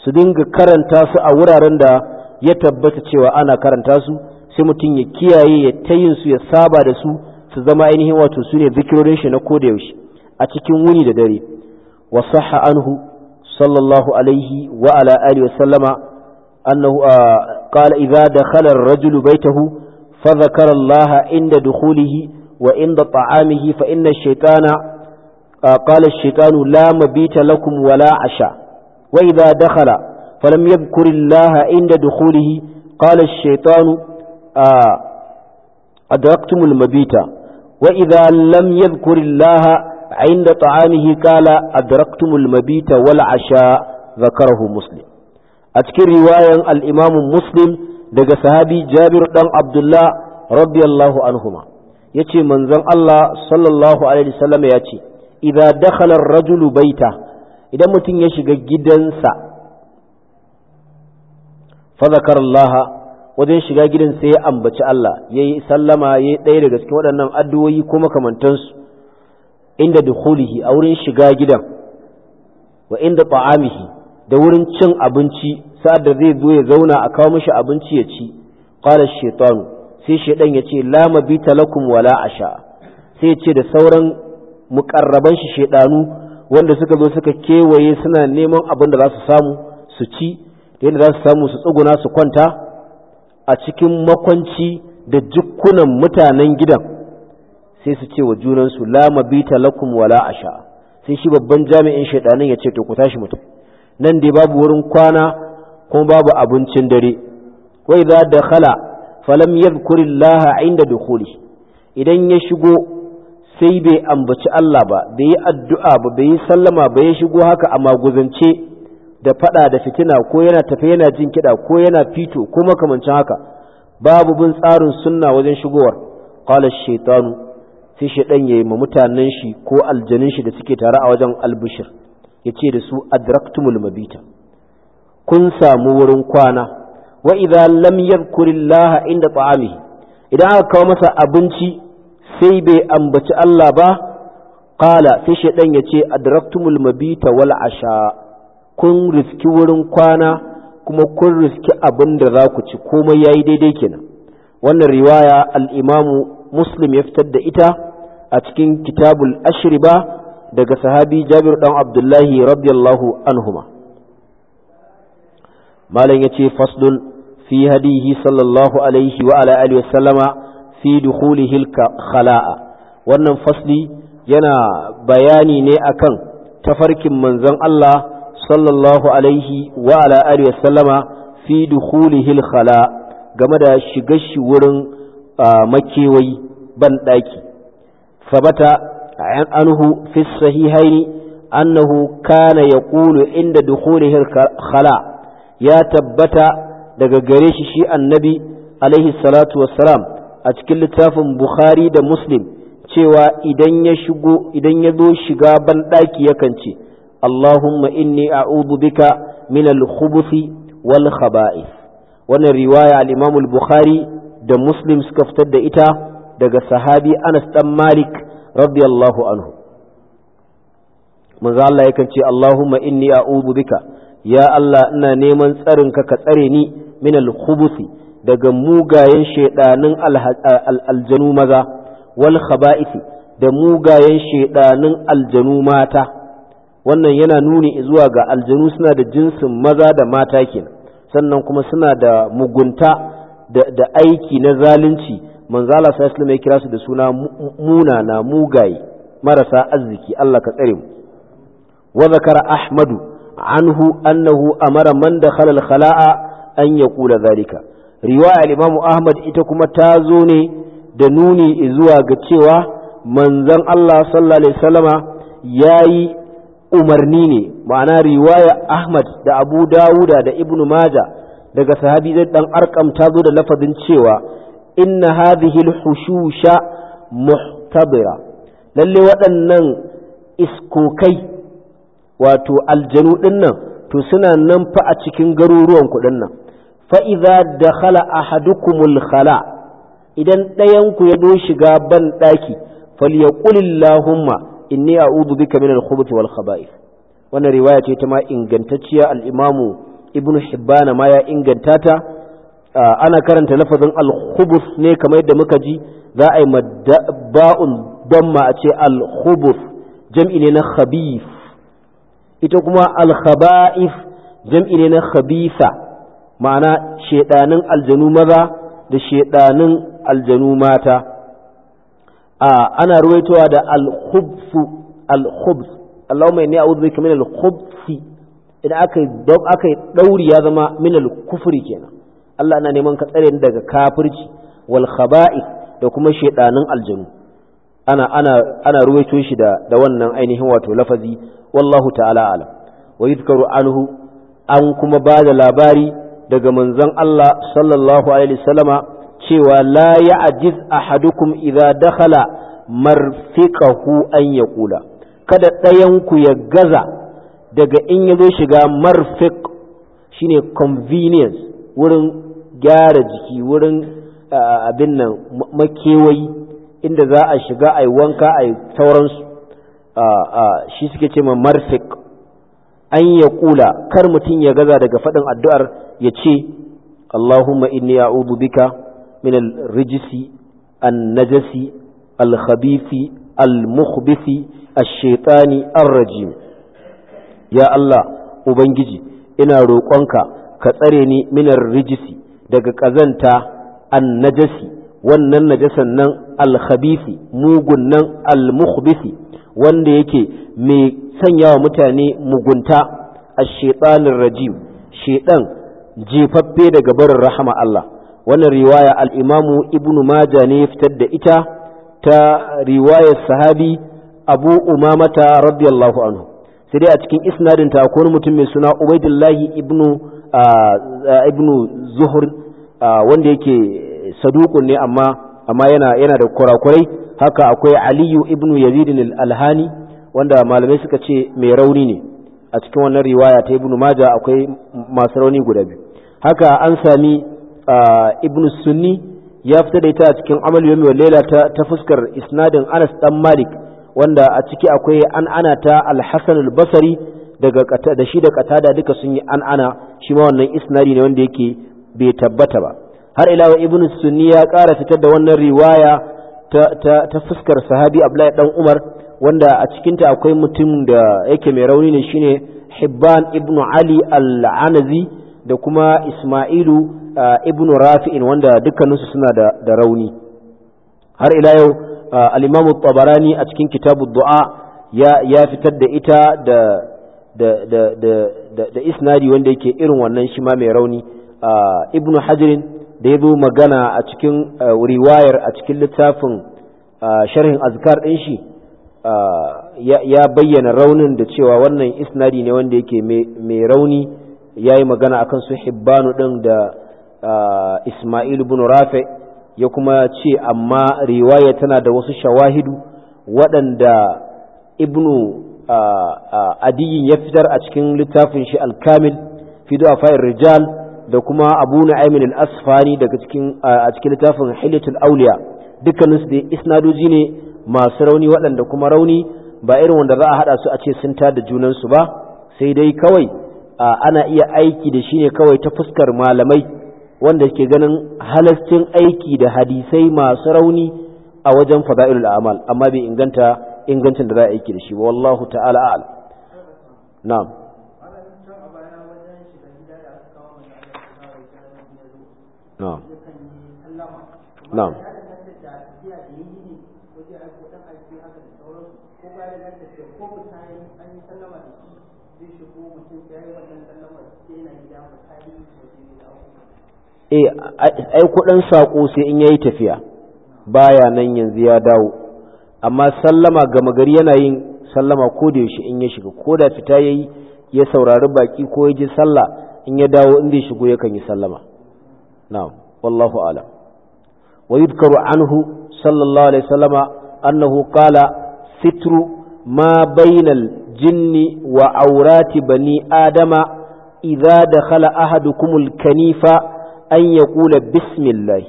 su dinga karanta su a wuraren da ya tabbata cewa ana karanta su sai mutum ya kiyaye ya ta su ya saba da su su zama ainihin wato su ne zikirorin shi na koda yaushe a cikin wuni da dare wa sahha anhu sallallahu alaihi wa ala alihi wa sallama annahu qala idza dakhala ar-rajulu baytahu فذكر الله عند دخوله وعند طعامه فإن الشيطان قال الشيطان لا مبيت لكم ولا عشاء وإذا دخل فلم يذكر الله عند دخوله قال الشيطان أدركتم المبيت وإذا لم يذكر الله عند طعامه قال أدركتم المبيت والعشاء ذكره مسلم أذكر رواية الإمام مسلم daga sahabi Jabir dan Abdullah radiyallahu anhuma yace manzon Allah sallallahu alaihi wasallam ya ce idza dakhala ar-rajulu baita idan mutum ya shiga gidansa fa zakarallaha wajen shiga gidan sai ya ambaci Allah yayi sallama ya yi ɗaya daga cikin waɗannan addu'o'i ko makamantansu inda dukhulihi a wurin shiga gidan wa inda ta'amihi da wurin cin abinci sa'ad da zai zo ya zauna a kawo mishi abinci ya ci qala shaytan sai shaydan ya ce la mabita lakum wala asha sai ya ce da sauran muqarraban shi shaydanu wanda suka zo suka kewaye suna neman abin da za su samu su ci da yadda za su samu su tsuguna su kwanta a cikin makwanci da jukkunan mutanen gidan sai su ce wa junansu la mabita lakum wala asha sai shi babban jami'in shaidanin ya ce to ku tashi mutum nan dai babu wurin kwana kuma babu abincin dare wa idza dakhala falam yadhkuri Allah inda dukhuli idan ya shigo sai bai ambaci Allah ba bai yi addu'a ba bai yi sallama ba ya shigo haka a maguzance da fada da fitina ko yana tafe yana jin kiɗa ko yana fito ko makamancin haka babu bin tsarin sunna wajen shigowar qala shaitanu sai shaidan yayi ma mutanen shi ko aljanin shi da suke tare a wajen albushir ce da su adraktumul mabita kun samu wurin kwana wa idza lam yadhkurillaha inda ta'amihi idan aka kawo masa abinci sai bai ambaci Allah ba qala sai shedan yace adraktumul mabita wal asha kun riski wurin kwana kuma kun riski abin da za ku ci komai yayi daidai kenan wannan riwaya al-imamu muslim ya fitar da ita a cikin kitabul ashriba daga sahabi jabir dan abdullahi radiyallahu anhuma malam yace faslun fi hadihi sallallahu alaihi wa ala alihi wasallama fi dukhulihi khala'a wannan fasli yana bayani ne akan tafarkin manzon Allah sallallahu alaihi wa ala alihi wasallama fi dukhulihi khala'a game da shiga shi wurin ah, makewayi ban daki sabata anhu fi sahihaini annahu kana yaqulu inda dukhulihi khala ya tabbata daga gare shi shi annabi alaihi salatu wassalam a cikin littafin bukhari da muslim cewa idan ya shigo idan ya zo shiga banɗaki yakan ce allahumma inni a'udhu bika min al wal khaba'ith wannan riwaya al-imam bukhari da muslim suka fitar da ita daga sahabi anas dan malik radiyallahu anhu manzo Allah yakan ce Allahumma inni a'udhu bika ya Allah ina neman tsarin ka ka tsare ni min al daga mugayen shedanin aljanu maza wal khaba'isi da mugayen shedanin aljanu mata wannan yana nuni zuwa ga aljanu suna da jinsin maza da mata kenan sannan kuma suna da mugunta da aiki na zalunci manzala sallallahu alaihi ya kira su da suna muna na mugaye marasa arziki Allah ka tsare mu wa zakara ahmadu anhu annahu amara man dakhala al-khala'a an yaqula zalika riwaya al-imamu ahmad ita kuma ta zo ne da nuni zuwa ga cewa manzon Allah sallallahu alaihi wasallama yayi umarni ne ma'ana riwaya ahmad da abu dawuda da ibnu maja daga sahabi dan arkam ta zo da lafazin cewa inna hadhihi al-hushusha muhtabira lalle waɗannan iskokai wato aljanu ɗinnan to suna nan fa a cikin garuruwan ku dinnan fa idza dakhala ahadukumul khala idan ɗayanku ya do shiga ban daki falyaqul allahumma inni a'udhu bika min al-khubuth wal khaba'ith wannan riwaya ce ta ma ingantacciya al'imamu imamu ibnu hibbana ma ya inganta ta ana karanta lafazin al-khubus ne kamar yadda muka ji za a yi ba'un damma a ce al-khubus jam'i ne na khabif ita kuma al-khaba'if jam'i ne na khabisa ma'ana shedanin aljanu maza da shedanin aljanu mata a ana ruwaitowa da al-khubsu al-khubs Allahumma inni a'udhu bika min al-khubsi idan aka yi dauri ya zama min al-kufri kenan Allah na neman ka tsare daga kafirci wal khaba'i da kuma shedanin aljanu ana ana ana ruwaito shi da da wannan ainihin wato lafazi wallahu ta'ala alam wa yuzkaru anhu an kuma ba da labari daga manzon Allah sallallahu alaihi wasallama cewa la ya'jiz ahadukum idza dakhala marfiqahu an yaqula kada ɗayan ku ya gaza daga in ya zo shiga marfiq shine convenience wurin gyara jiki wurin abin nan makewayi inda za a shiga a yi wanka a yi sauransu shi suke ce ma marfik an ya kula kar mutum ya gaza daga faɗin addu'ar ya ce allahumma inni a'udhu bika min al-rijisi an-najasi al-khabisi al-mukhbisi ash-shaytani ar-rajim ya allah ubangiji ina roƙonka ka tsare ni minar rijisi daga ƙazanta an najasi wannan najasan nan alhabisi mugun nan almuhbisi wanda yake mai sanya wa mutane mugunta a shaitanin rajim shaitan jefaffe daga barin rahama Allah wannan riwaya al'imamu ibnu maja ne ya fitar da ita ta riwayar sahabi abu umamata radiyallahu anhu sai dai a cikin isnadin ta mutum mai suna ubaidillahi ibnu ibnu zuhur wanda yake saduqun ne amma amma yana yana da kurakurai haka akwai aliyu ibnu yazid al-alhani wanda malamai suka ce mai rauni ne a cikin wannan riwaya ta ibnu maja akwai masu rauni guda biyu haka an sami ibnu sunni ya fita da ita a cikin amal yomi wa laila ta fuskar isnadin anas dan malik wanda a ciki akwai an ana ta al-hasan al-basri daga kata da shi da katada duka sun yi an'ana shi ma wannan isnadi ne wanda yake bai tabbata ba har ila wa ibnu sunni ya ƙara fitar da wannan riwaya ta ta, ta fuskar sahabi abdullahi dan umar wanda a cikin ta akwai mutum da yake mai rauni ne shine hibban ibnu ali al-anazi da kuma isma'ilu uh, ibnu rafi'in wanda dukkaninsu suna da, da rauni har ila yau uh, al-imamu tabarani a cikin kitabu du'a ya ya fitar da ita da da isnadi wanda yake irin wannan shi ma mai rauni ibnu hajarin da ya zo magana a cikin riwayar a cikin littafin sharhin azkar ɗin shi ya bayyana raunin da cewa wannan isnadi ne wanda yake mai rauni ya yi magana akan su hibbanu din da ismail ibn rafi ya kuma ce amma riwaya tana da wasu shawahidu waɗanda ibnu adiyin ya fitar a cikin littafin shi alkamil fi du'a fa'ir rijal da kuma abu na'imin al-asfani daga cikin a cikin littafin hilatul auliya dukkaninsu da isnadoji ne masu rauni waɗanda kuma rauni ba irin wanda za a haɗa su a ce sun tada su ba sai dai kawai ana iya aiki da shi ne kawai ta fuskar malamai wanda ke ganin halascin aiki da hadisai masu rauni a wajen fada'ilul amal amma bai inganta ingancin da za a aiki da shi ba wallahu ta'ala a'lam na'am na'am na'am eh ai kuɗin saƙo sai in yayi tafiya baya nan yanzu ya dawo amma sallama gama gari yana yin sallama ko da yaushe in ya shiga ko da fita yayi ya saurari baki ko ya ji sallah in ya dawo inda ya shigo yakan yi sallama na'am wallahu a'lam wa yudkaru anhu sallallahu alaihi wasallama annahu qala sitru ma bainal jinni wa aurati bani adama idza dakhala ahadukumul kanifa an yaqula bismillah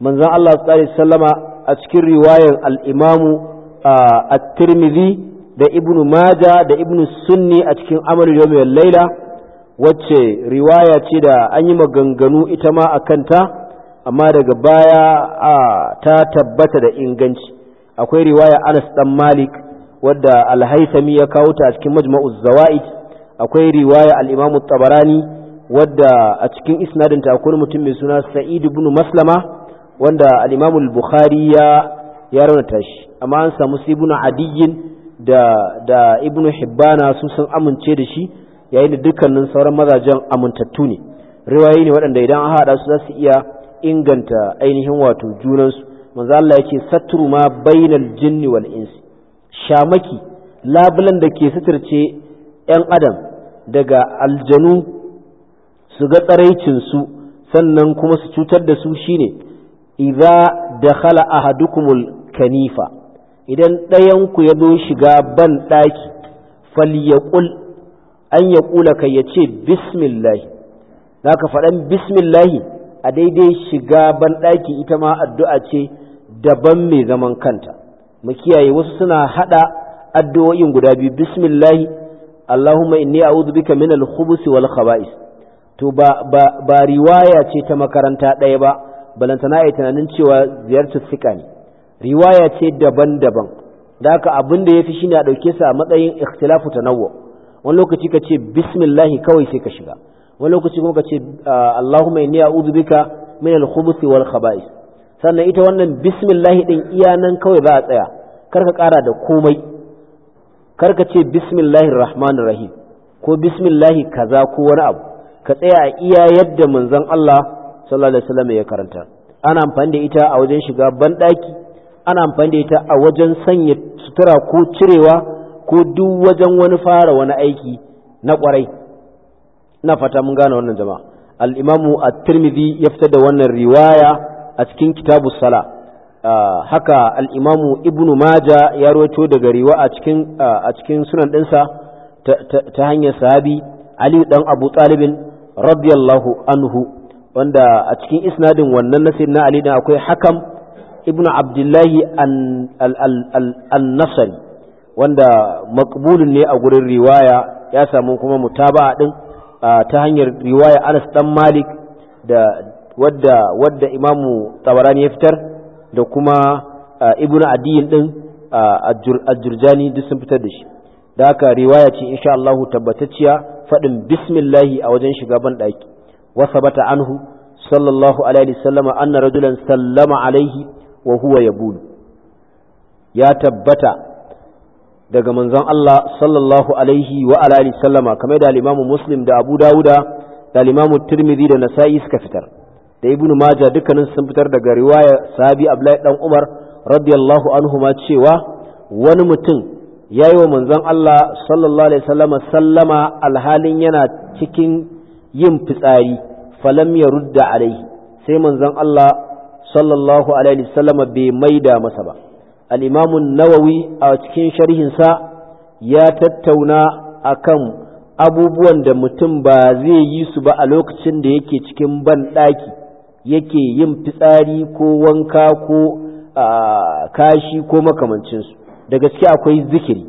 manzon Allah sallallahu alaihi a cikin riwayar al'imamu a tirmidhi da ibnu maja da ibnu sunni a cikin amal yawmiyar laila wacce riwaya ce da an yi maganganu ita ma a kanta amma daga baya ta tabbata da inganci akwai riwaya anas dan malik wadda alhaisami ya kawo ta a cikin Majma'u zawa'id akwai riwaya al'imamu tabarani wadda a cikin isnadinta akwai mutum mai suna sa'id ibn maslama wanda al-Imam al-Bukhari ya ya shi amma an samu Ibn Adiyyin da da Ibn Hibbana su sun amince da shi yayin da dukkanin sauran mazajen amintattu ne riwayoyi ne waɗanda idan an haɗa su zasu iya inganta ainihin wato junansu manzo Allah yake satru ma bainal jinni wal insi shamaki labulan da ke suturce ‘yan adam daga aljanu su ga su sannan kuma su cutar da su shine idza dakhala ahadukumul kanifa idan ɗayanku ya zo shiga ban ɗaki falyaqul an yaqula kai yace bismillah zaka faɗan bismillah a daidai shiga ban ɗaki ita ma addu'a ce daban mai zaman kanta mu kiyaye wasu suna hada addu'o'in guda biyu bismillah Allahumma inni a'udhu bika minal khubuthi wal khaba'is to ba ba, ba riwaya ce ta makaranta ɗaya ba balantana ya tunanin cewa ziyartar sika ne riwaya ce daban-daban da haka abin da ya fi shi ne a ɗauke sa a matsayin ikhtilafu tanawwu wani lokaci ka ce bismillahi kawai sai ka shiga wani lokaci kuma ka ce ah, allahumma inni a'udhu bika min al wal khaba'is sannan ita wannan bismillahi din iya nan kawai za a tsaya karka ƙara da komai karka ce bismillahi rahman rahim ko bismillahi kaza ko wani abu ka tsaya a iya yadda manzon Allah sallallahu alaihi wasallam ya karanta ana amfani da ita a wajen shiga banɗaki ana amfani da ita a wajen sanya sutura ko cirewa ko duk wajen wani fara wani aiki na kwarai na fata mun gane wannan jama'a al-imamu at-tirmidhi ya fitar da wannan riwaya a cikin kitabu sala ah, haka al-imamu ibnu maja ya rawaito daga riwa a cikin ah, a cikin sunan dinsa ta hanyar sahabi ali dan abu talibin radiyallahu anhu wanda a cikin isnadin wannan na sayyidina ali da akwai hakam ibnu abdullahi an-nasari wanda maqbulun ne a gurin riwaya ya samu kuma mutaba'a din ta hanyar riwaya Anas dan Malik da wadda wadda Imamu Tabarani ya fitar da kuma ibnu Adiyin din Ajurjani duk sun fitar da shi da haka riwaya ce insha Allah tabbatacciya fadin bismillahi a wajen shiga ban daki وثبت عنه صلى الله عليه وسلم أن رجلا سلم عليه وهو يبول يا تبتا daga manzon Allah sallallahu alaihi wa alihi sallama kamar da al-Imam Muslim da Abu Dawuda da al-Imam Tirmidhi da Nasa'i suka fitar da Ibn Majah dukkanin sun fitar daga riwaya sahabi Abdullahi dan Umar radiyallahu anhu ma cewa wani mutum yayi wa manzon Allah sallallahu alaihi sallama sallama alhalin yana cikin yin fitsari falam ya rudda alaihi sai manzon Allah sallallahu alaihi wasallam bai maida masa ba al-imam nawawi a cikin sharhin sa ya tattauna akan abubuwan da mutum ba zai yi su ba a lokacin da yake cikin ban daki yake yin fitsari ko wanka ko kashi ko makamancinsu da gaske akwai zikiri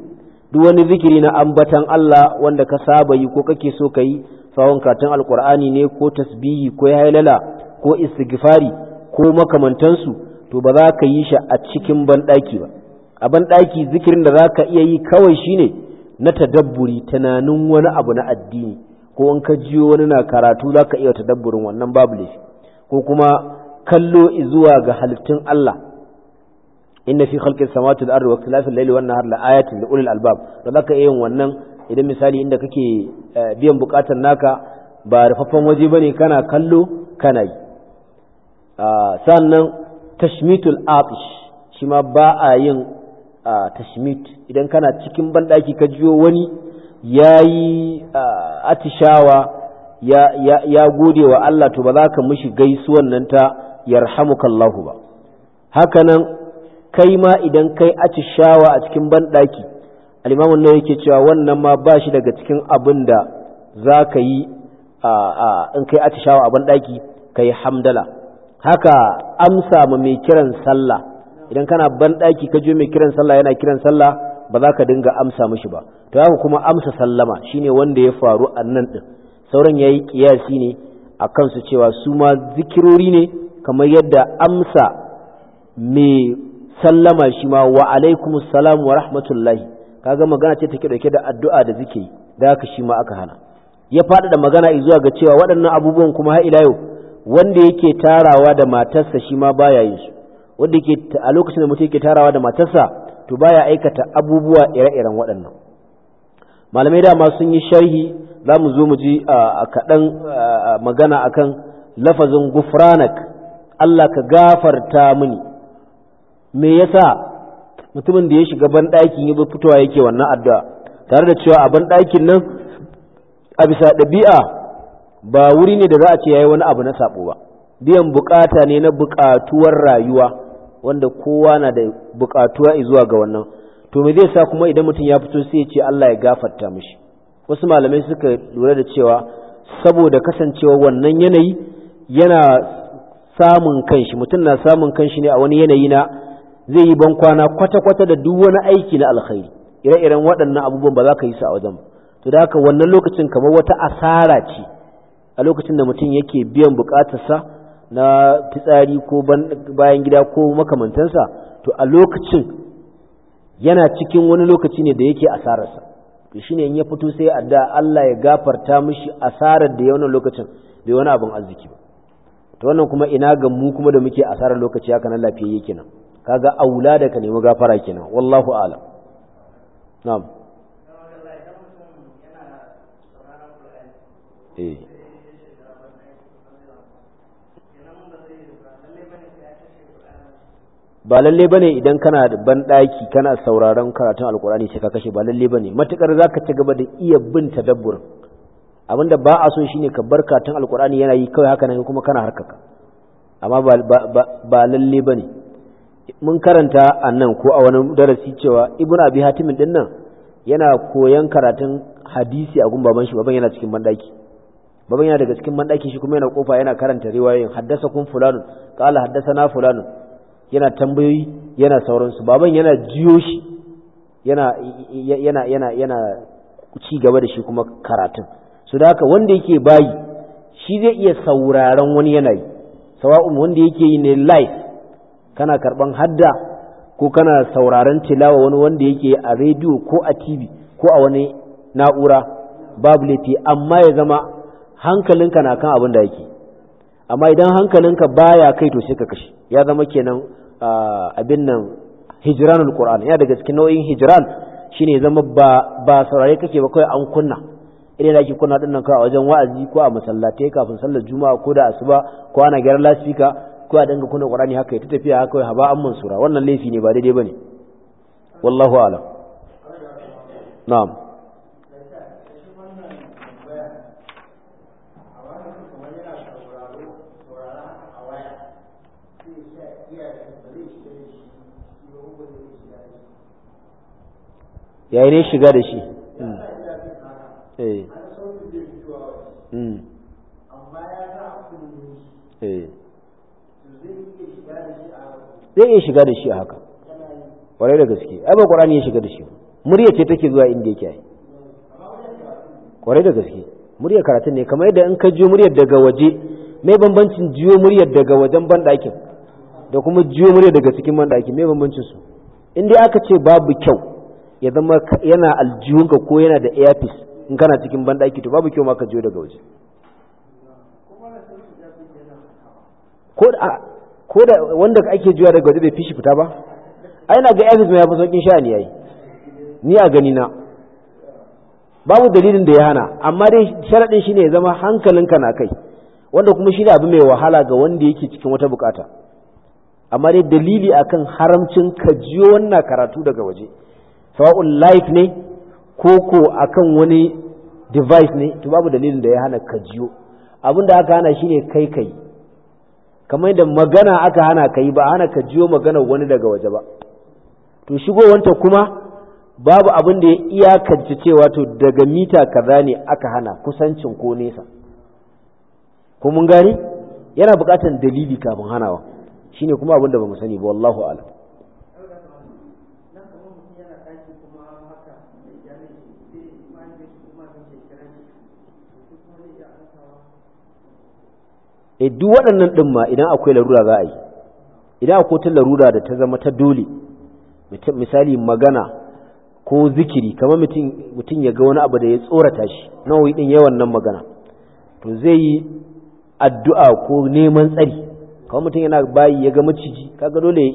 duk wani zikiri na ambatan Allah wanda ka saba yi ko kake so ka yi sawon katin alkur'ani ne ko tasbihi ko hailala ko istighfari ko makamantansu to ba za ka yi shi a cikin banɗaki ba a banɗaki zikirin da za ka iya yi kawai shine na tadabburi tunanin wani abu na addini ko in ka jiyo wani na karatu za ka iya tadabburin wannan babu laifi ko kuma kallo zuwa ga halittun Allah inna fi khalqis samawati wal ardi wa al layli wan nahari la ayatin li ulil albab za zaka iya yin wannan idan misali inda kake eh, biyan bukatar naka ba rufaffen waje bane kana kallo kana yi ah, sannan tashmitul atish shi ma ba a yin ah, tashmit idan kana cikin banɗaki ka jiyo wani ah, ya yi atishawa ya gode wa Allah to ba za ka mishi gaisuwan nan ta yarhamukallahu ba hakanan kai ma idan kai atishawa a cikin banɗaki al'imamun nan yake cewa wannan ma ba shi daga cikin abin da za ka yi in kai atishawa a banɗaki ka yi hamdala haka amsa ma mai kiran sallah idan kana banɗaki ka je mai kiran sallah yana kiran sallah ba za ka dinga amsa mishi ba to haka kuma amsa sallama shine wanda ya faru a nan ɗin sauran ya yi ƙiyasi ne a kansu cewa su ma zikirori ne kamar yadda amsa mai sallama shi ma wa alaikumus salam wa rahmatullahi kaga magana ce take dauke da addu'a da zikiri da haka shi ma aka hana ya da magana zuwa ga cewa waɗannan abubuwan kuma har ila yau wanda yake tarawa da matarsa shi ma baya yin su wanda yake a lokacin da mutum yake tarawa da matarsa to baya aikata abubuwa ire-iren waɗannan malamai dama sun yi sharhi za mu zo mu ji a kaɗan magana akan lafazin gufranak Allah ka gafarta mini me yasa mutumin da ya shiga banɗakin ya bi fitowa yake wannan addu'a tare da cewa a banɗakin nan a bisa ɗabi'a ba wuri ne da za a ce yayi wani abu na sabo ba biyan bukata ne na bukatuwar rayuwa wanda kowa na da bukatuwa zuwa ga wannan to me zai sa kuma idan mutum ya fito sai ya ce Allah ya gafarta mishi wasu malamai suka lura da cewa saboda kasancewa wannan yanayi yana samun kanshi mutum na samun kanshi ne a wani yanayi na zai yi bankwana kwata-kwata da duk wani aiki na alkhairi ire-iren waɗannan abubuwan ba za ka yi su a wajen to da haka wannan lokacin kamar wata asara ce a lokacin da mutum yake biyan buƙatarsa na fitsari ko bayan gida ko makamantansa to a lokacin yana cikin wani lokaci ne da yake asararsa to ne in ya fito sai adda Allah ya gafarta mishi asarar da ya wannan lokacin bai wani abin arziki ba to wannan kuma ina ga mu kuma da muke asarar lokaci haka nan lafiyayye kenan kaga aula da ka nemi gafara kenan wallahu a'lam na'am eh ba lalle bane idan kana da banɗaki kana sauraron karatun alkurani sai ka kashe ba lalle bane matukar zaka ci gaba da iya bin tadabburin abinda ba a so shine ka bar karatun alkurani yana yi kawai haka nan kuma kana harkaka amma ba lalle bane mun karanta a nan ko a wani darasi cewa ibn abi hatimin din nan yana koyan karatun hadisi a gun baban shi baban yana cikin mandaki baban yana daga cikin mandaki shi kuma yana kofa yana karanta riwayoyin haddasa kun fulanun qala haddasa na fulanun yana tambayoyi yana sauransu baban yana jiyo shi yana ci gaba da shi kuma karatun su da haka wanda yake bayi shi zai iya sauraron wani yanayi sawa'un wanda yake yi ne live kana karban hadda ko kana sauraron tilawa wani wanda yake a rediyo ko a tv ko a wani na'ura babu laifi amma ya zama hankalinka na kan abin da yake amma idan hankalinka baya kai to sai ka kashe ya zama kenan abin nan hijranul qur'an yana daga cikin nau'in hijran shine zama ba ba saurare kake ba kawai an kunna idan da ake kunna din nan a wajen wa'azi ko a masallatai kafin sallar juma'a ko da asuba ko ana gyaran lasfika ko a danga kuna qur'ani haka ita tafiya haka haba an mansura wannan laifi ne ba daidai bane wallahu a'lam na'am yayin shiga da shi hmm. eh hmm. zai iya shiga da shi a haka kwarai da gaske ai ba qur'ani ya shiga da shi murya ce take zuwa inda yake ai kwarai da gaske murya karatun ne kamar yadda in ka jiyo muryar daga waje mai bambancin jiyo muryar daga wajen banɗakin da kuma jiyo muryar daga cikin banɗakin mai bambancin su in dai aka ce babu kyau ya zama yana aljihunka ko yana da earpiece in kana cikin banɗaki to babu kyau ma ka jiyo daga waje ko ko da wanda ake juya daga waje bai fi fita ba ai na ga Aziz mai yafi saukin sha'ani yayi ni a gani babu dalilin da ya hana amma dai sharadin shine ya zama hankalinka na kai wanda kuma shine abu mai wahala ga wanda yake cikin wata bukata amma dai dalili akan haramcin kajiyo jiyo wannan karatu daga waje sawa'un life ne ko ko akan wani device ne to babu dalilin da ya hana kajiyo. jiyo abin da aka hana shine kai kai kamar da magana aka hana ka yi ba hana ka jiyo magana wani daga waje ba to shigowanta kuma babu abin da ya iyakance cewa to daga mita kaza ne aka hana kusancin ko nesa ko mun gani yana buƙatar dalili kafin hanawa shine kuma abin da bamu sani ba wallahu a'lam e duk waɗannan ɗin ma idan akwai larura za a yi idan akwai ta larura da ta zama ta dole misali magana ko zikiri kamar mutum ya ga wani abu da ya tsorata shi nawa ɗin yawan nan magana to zai yi addu'a ko neman tsari kamar mutum yana bayi ya ga maciji kaga dole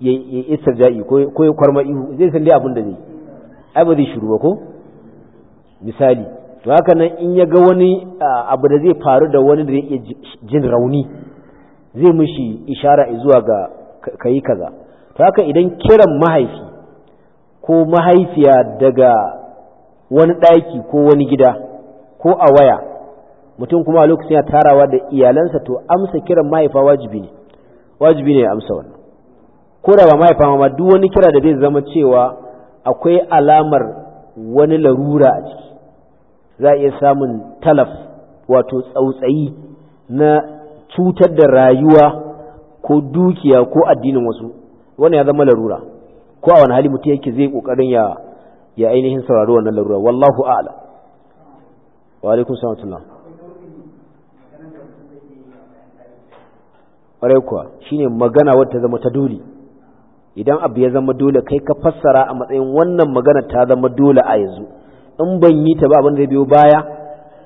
ya jai ko ya kwarma ihu zai san dai abin da zai ai ba zai shiru ba ko misali to haka nan in ya ga wani abu da zai faru da wani da yake jin rauni zai mishi ishara zuwa ga kayi kaza to haka idan kiran mahaifi ko mahaifiya daga wani ɗaki ko wani gida ko a waya mutum kuma a lokacin ya tarawa da iyalansa to amsa kiran mahaifa wajibi ne wajibi ne ya amsa wannan ko da ba mahaifa ma duk wani kira da zai zama cewa akwai alamar wani larura a ciki za a iya samun talaf wato tsautsayi na cutar da rayuwa ko dukiya ko addinin wasu wani ya zama larura ko a wani hali mutum yake zai kokarin ya ya ainihin saurari wannan larura wallahu ala. wa alaikum salam ƙwarai kuwa shine magana wadda zama ta dole idan abu ya zama dole kai ka fassara a matsayin wannan magana ta zama dole a yanzu in ban yi ta ba abin da biyo baya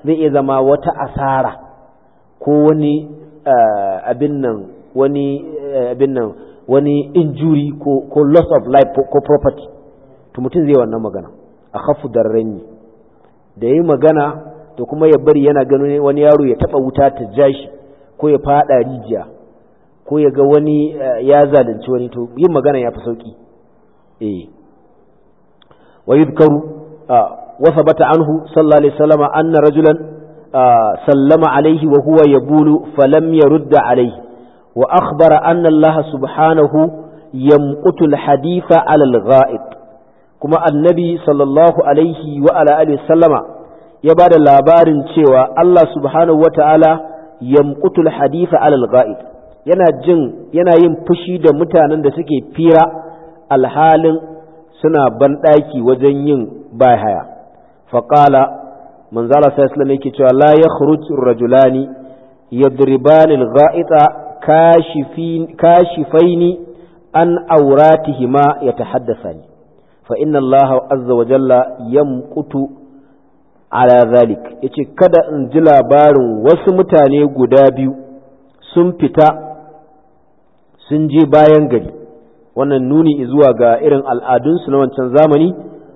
zai iya zama wata asara ko wani eh, abin nan wani eh, abin nan wani injury ko loss of life ko property to mutum zai wannan magana a khafu darrani da yi magana to kuma ya bari yana ganin wani yaro ya taba wuta ta jashi ko ya fada rijiya ko ya ga wani eh, ya zalunci wani to yin magana ya fi sauki eh wa yuzkaru ah, وثبت عنه صلى الله عليه وسلم أن رجلا سلم عليه وهو يبول فلم يرد عليه وأخبر أن الله سبحانه يمقت الحديث على الغائط kuma annabi sallallahu alaihi wa ala alihi ya ba da labarin cewa Allah subhanahu wa ta'ala yamqutul haditha alal ga'id yana yin fushi da mutanen da suke fira alhalin suna banɗaki wajen yin bahaya faƙala manzala sai islam yake cewa la ya rajulani yadribani al-gha'ita kashifaini an auratihima yatahaddasani fa inna Allah azza wa jalla yamqutu ala zalik yace kada in ji labarin wasu mutane guda biyu sun fita sun je bayan gari wannan nuni zuwa ga irin al'adunsu na wancan zamani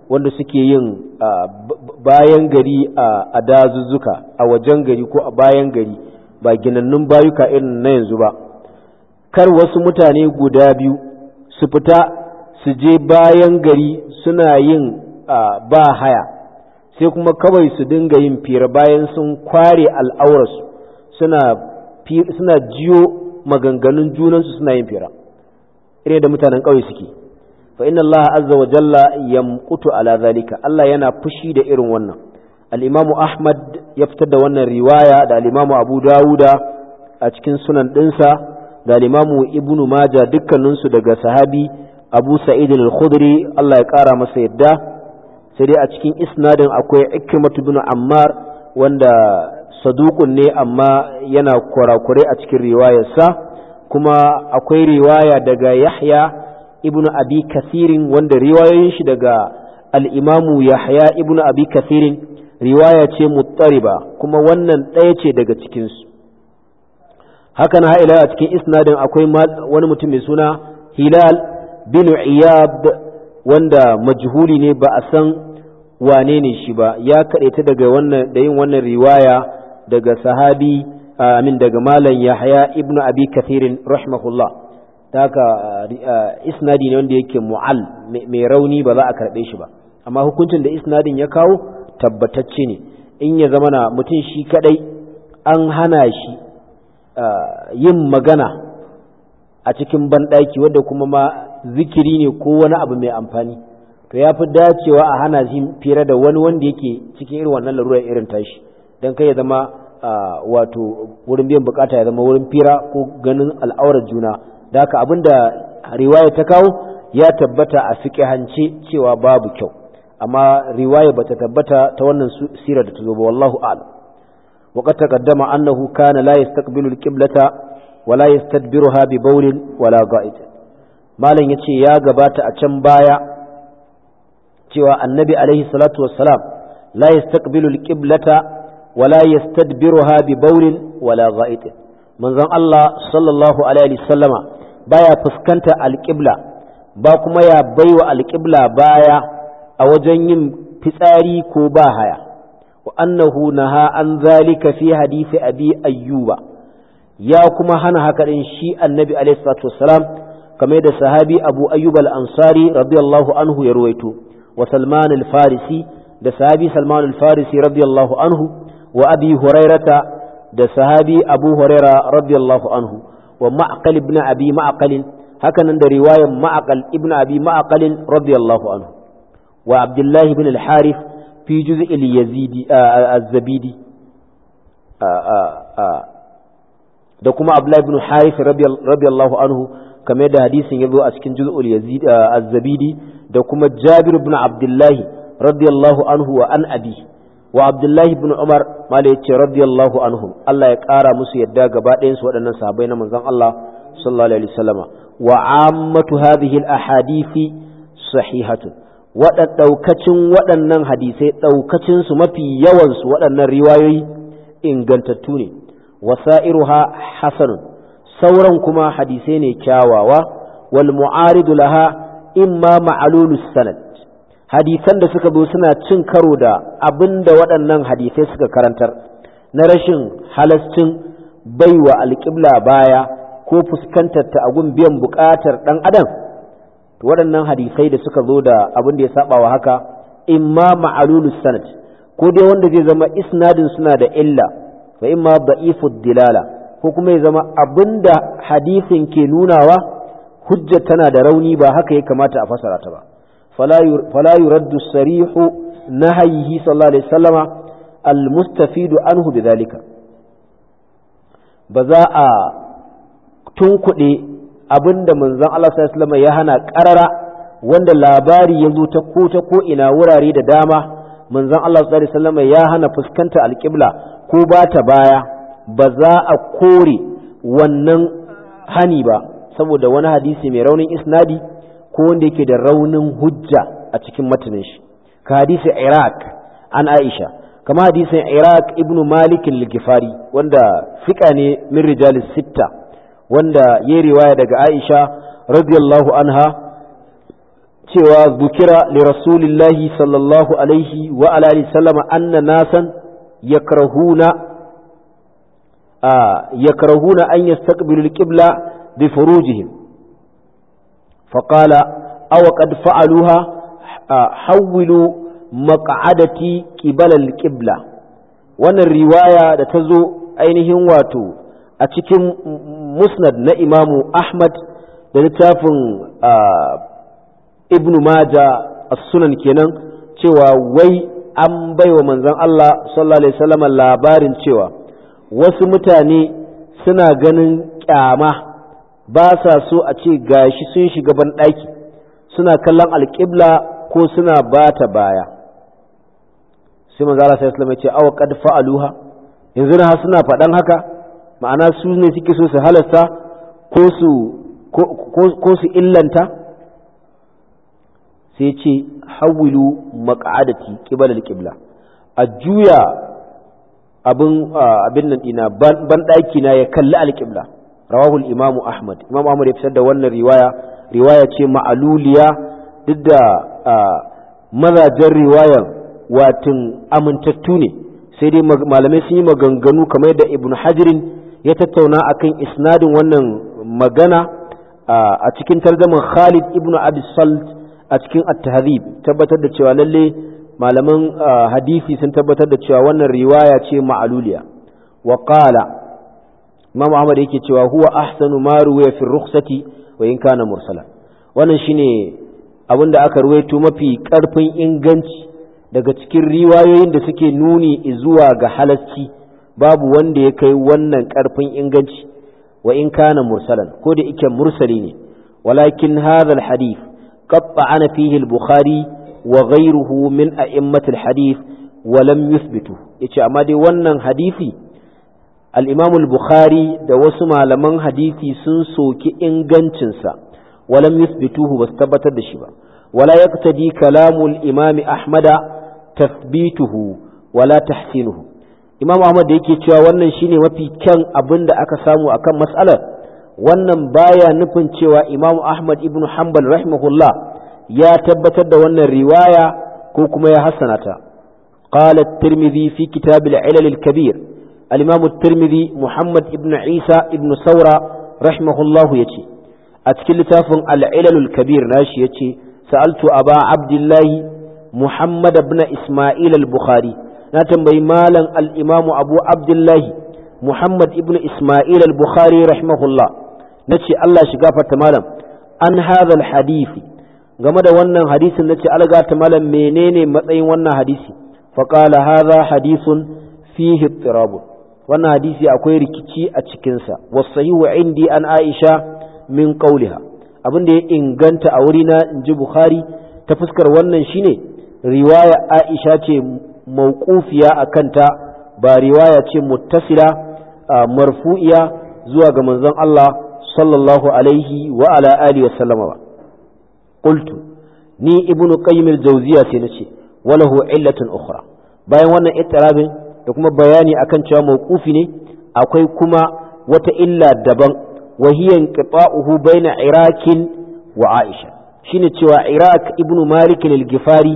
wanda suke yin bayan gari a dazuzzuka a wajen gari ko a bayan gari ba ginannun bayuka irin na yanzu ba kar wasu mutane guda biyu su fita su je bayan gari suna yin ba haya sai kuma kawai su dinga yin fira bayan sun kware al'aurarsu suna jiyo maganganun junansu suna yin fira irin da mutanen kawai suke fa inna Allah azza wa jalla yamqutu ala zalika Allah yana fushi da irin wannan al-Imam Ahmad ya fitar da wannan riwaya da al Abu Dawuda a cikin sunan dinsa da al-Imam Ibn Majah dukkaninsu daga sahabi Abu Sa'id al-Khudri Allah ya kara masa yadda sai dai a cikin isnadin akwai Ikrimah ibn Ammar wanda saduqun ne amma yana kurakure a cikin riwayarsa kuma akwai riwaya daga Yahya ibnu abi kasirin wanda riwayoyin shi daga al'imamu yahya ibnu abi kasirin riwaya ce muttariba kuma wannan ɗaya ce daga cikinsu haka na ha'ila a cikin isnadin akwai wani mutum mai suna hilal bin iyab wanda majhuli ne ba a san wane ne shi ba ya kaɗaita daga wannan da yin wannan riwaya daga sahabi amin daga malam yahya ibnu abi kathirin rahimahullah ta ka isnadi ne wanda yake mu'al mai rauni ba za a karɓe shi ba amma hukuncin da isnadin ya kawo tabbatacce ne in ya zama na mutum shi kadai an hana shi yin magana a cikin banɗaki wadda kuma ma zikiri ne ko wani abu mai amfani to ya fi dacewa a hana shi fira da wani wanda yake cikin irin wannan larurar irin tashi don kai ya zama wato wurin biyan bukata ya zama wurin fira ko ganin al'aurar juna da haka abinda riwaya ta kawo ya tabbata a fiqhance cewa babu kyau amma riwaya bata tabbata ta wannan sirar da ta zo ba wallahu a'lam wa qad taqaddama annahu kana la yastaqbilu al-qiblata wa la yastadbiruha bi bawlin wala ga'id malam yace ya gabata a can baya cewa annabi alaihi salatu wassalam la yastaqbilu al-qiblata ولا يستدبرها ببول ولا غائط منظم الله allah sallallahu alaihi وسلم baya fuskanta alƙibla ba kuma ya baiwa alƙibla baya a wajen yin fitsari ko ba haya wa annahu naha an zalika fi hadisi abi ayyuba ya kuma hana haka din shi annabi alaihi salatu wassalam kamar da sahabi abu ayyub al-ansari radiyallahu anhu ya ruwaito wa salman al-farisi da sahabi salman al-farisi radiyallahu anhu wa abi hurairata da sahabi abu huraira radiyallahu anhu wa ma'aqal ibn abi ma'aqal hakanan da riwayan ma'aqal ibn abi ma'aqal radiyallahu anhu wa abdullahi ibn al-harith fi juz' al-yazidi az-zabidi da kuma abdullahi ibn harith radiyallahu anhu kamar da hadisin yazo a cikin juz'ul yazid az-zabidi da kuma jabir ibn abdullahi radiyallahu anhu wa an abi wa abdullahi ibn umar mala yace radiyallahu anhum Allah ya kara musu yadda gaba ɗayan su waɗannan sahabbai na manzon Allah sallallahu alaihi wasallama wa ammatu hadhihi al-ahadithi sahihatun wadan daukacin waɗannan hadisai daukacin su mafi yawan su waɗannan riwayoyi ingantattu ne wasa'iruha hasanun sauran kuma hadisai ne kyawawa wal mu'aridu laha imma ma'lulus sanad hadisan da suka zo suna cin karo da abin da waɗannan hadisai suka karantar na rashin halascin baiwa alƙibla baya ko fuskantar ta agun biyan buƙatar ɗan adam waɗannan hadisai da suka zo da abin da ya saba wa haka imma ma'alulu sanat. ko dai wanda zai zama isnadin suna da illa fa imma da'ifud dilala ko kuma ya zama abinda hadisin ke nunawa hujja tana da rauni ba haka ya kamata a fasara ta ba فلا يرد السريح نهيه صلى الله عليه وسلم المستفيد عنه بذلك بذاء تنكدي abinda manzon Allah sallallahu alaihi ya hana karara wanda labari ya zo ta ko ta ko ina wurare da dama manzon Allah sallallahu alaihi ya hana fuskanta alƙibla ko ba ta baya ba za a kore wannan hani ba saboda wani hadisi mai raunin isnadi ko wanda yake da raunin hujja a cikin matanin shi ka hadisi iraq an aisha kama hadisin iraq ibnu Malikin al-gifari wanda fika ne min rijalis sitta wanda ya riwaya daga aisha radiyallahu anha cewa bukira li rasulillahi sallallahu alaihi wa alihi sallama anna nasan yakrahuna yakrahuna an yastaqbilu al-qibla bi furujihim فقال أو قد فعلوها حولوا مقعدتي قبل القبلة وأن الرواية تزو أينهم واتو أتكم مسند نإمام أحمد للتاف ابن ماجة السنن كينان cewa wai an baiwa manzon Allah sallallahu alaihi wasallam labarin cewa wasu mutane suna ganin kyama ba sa so a ce gashi sun shiga banɗaki suna kallon alƙibla ko suna ba baya sai manzo Allah sai ya ce awa qad fa'aluha yanzu na suna faɗan haka ma'ana su ne suke so su halasta ko su ko su illanta sai ce hawilu maq'adati qibla a juya abin abin nan dina ban na ya kalli alqibla rawahul imamu ahmad imam ahmad ya fitar da wannan riwaya riwaya ce ma'aluliya duk da mazajen riwayan watin amintattu ne sai dai malamai sun yi maganganu kamar yadda ibn hajirin ya tattauna akan isnadin wannan magana a cikin tarjaman khalid ibn abi salt a cikin at-tahdhib tabbatar da cewa lalle malaman hadisi sun tabbatar da cewa wannan riwaya ce ma'aluliya wa qala imam ahmad yake cewa huwa ahsanu ma ruwaya fi rukhsati wa in kana mursala wannan shine abin da aka ruwaito mafi karfin inganci daga cikin riwayoyin da suke nuni zuwa ga halasci babu wanda ya kai wannan karfin inganci wa in kana mursalan ko da yake mursali ne walakin hadha alhadith ana fihi al-bukhari wa ghayruhu min a'immatil hadith wa lam yuthbitu yace amma dai wannan hadisi al'imamul bukhari da wasu malaman hadisi sun soki ingancinsa walam yusbituhu basu tabbatar da shi ba wala yaktadi kalamul imami ahmada tasbituhu wala tahsinuhu imam ahmad da yake cewa wannan shine mafi kyan abin da aka samu akan matsalar wannan baya nufin cewa imam ahmad ibn hanbal rahimahullah ya tabbatar da wannan riwaya ko kuma ya hassana ta qala at fi kitab al kabir al-imam at muhammad ibn isa ibn saura rahimahullahu yace a cikin littafin al-ilalul kabir nashi yace sa'altu aba abdullahi muhammad ibn isma'il al na tambayi malam al-imam abu abdullahi muhammad ibn isma'il al-bukhari rahimahullah nace Allah shiga fata malam an hadha hadisi game da wannan hadisin na ce ta malam menene matsayin wannan hadisi faqala hadha hadisun fihi tirabun wannan hadisi akwai rikici a cikinsa wasahihu indi an aisha min qawliha abin da ya inganta a wurina in ji bukhari ta fuskar wannan shine riwaya aisha ce mauƙufiya a kanta ba riwaya ce muttasila marfu'iya zuwa ga manzon Allah sallallahu alaihi wa ala alihi wa sallama ba qultu ni ibnu qayyim al-jawziya sai nace walahu illatun ukhra bayan wannan itirabin da kuma bayani akan cewa mawqufi ne akwai kuma wata illa daban wahiyan qita'uhu baina irakin wa aisha shine cewa irak ibnu malik al-gifari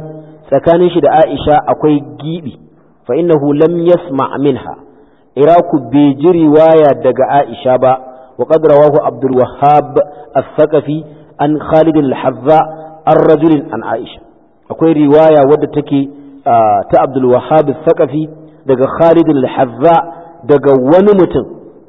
tsakanin shi da aisha akwai gibi fa innahu lam yasma minha iraq bai ji riwaya daga aisha ba wa qad rawahu abdul wahhab al-thaqafi an khalid al-hazza ar-rajul an aisha akwai riwaya wadda take ah, ta abdul wahhab al-thaqafi daga Khalid al daga wani mutum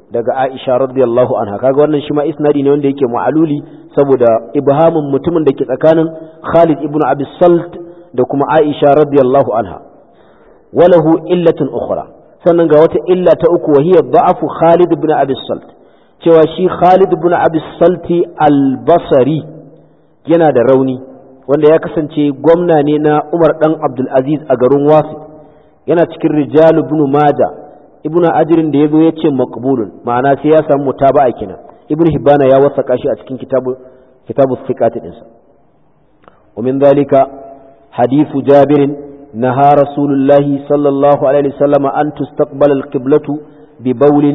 daga Aisha radiyallahu anha kaga wannan shi ma isnadi ne wanda yake ma'aluli saboda ibhamin mutumin da ke tsakanin Khalid ibn Abi Salt da kuma Aisha radiyallahu anha walahu illatun ukhra sannan ga wata illa ta uku wa hiya da'afu Khalid ibn Abi Salt cewa shi Khalid ibn Abi Salt al-Basri yana da rauni wanda ya kasance gwamna ne na Umar dan Abdul Aziz a garin Wasi yana cikin rijal ibn maja ibn ajrin da yazo yace maqbulun ma'ana sai ya samu mutaba'a kenan ibn hibana ya wasaka shi a cikin kitabu kitabu thiqat din sa ومن ذلك حديث جابر نهى رسول الله صلى الله عليه وسلم أن تستقبل القبلة ببول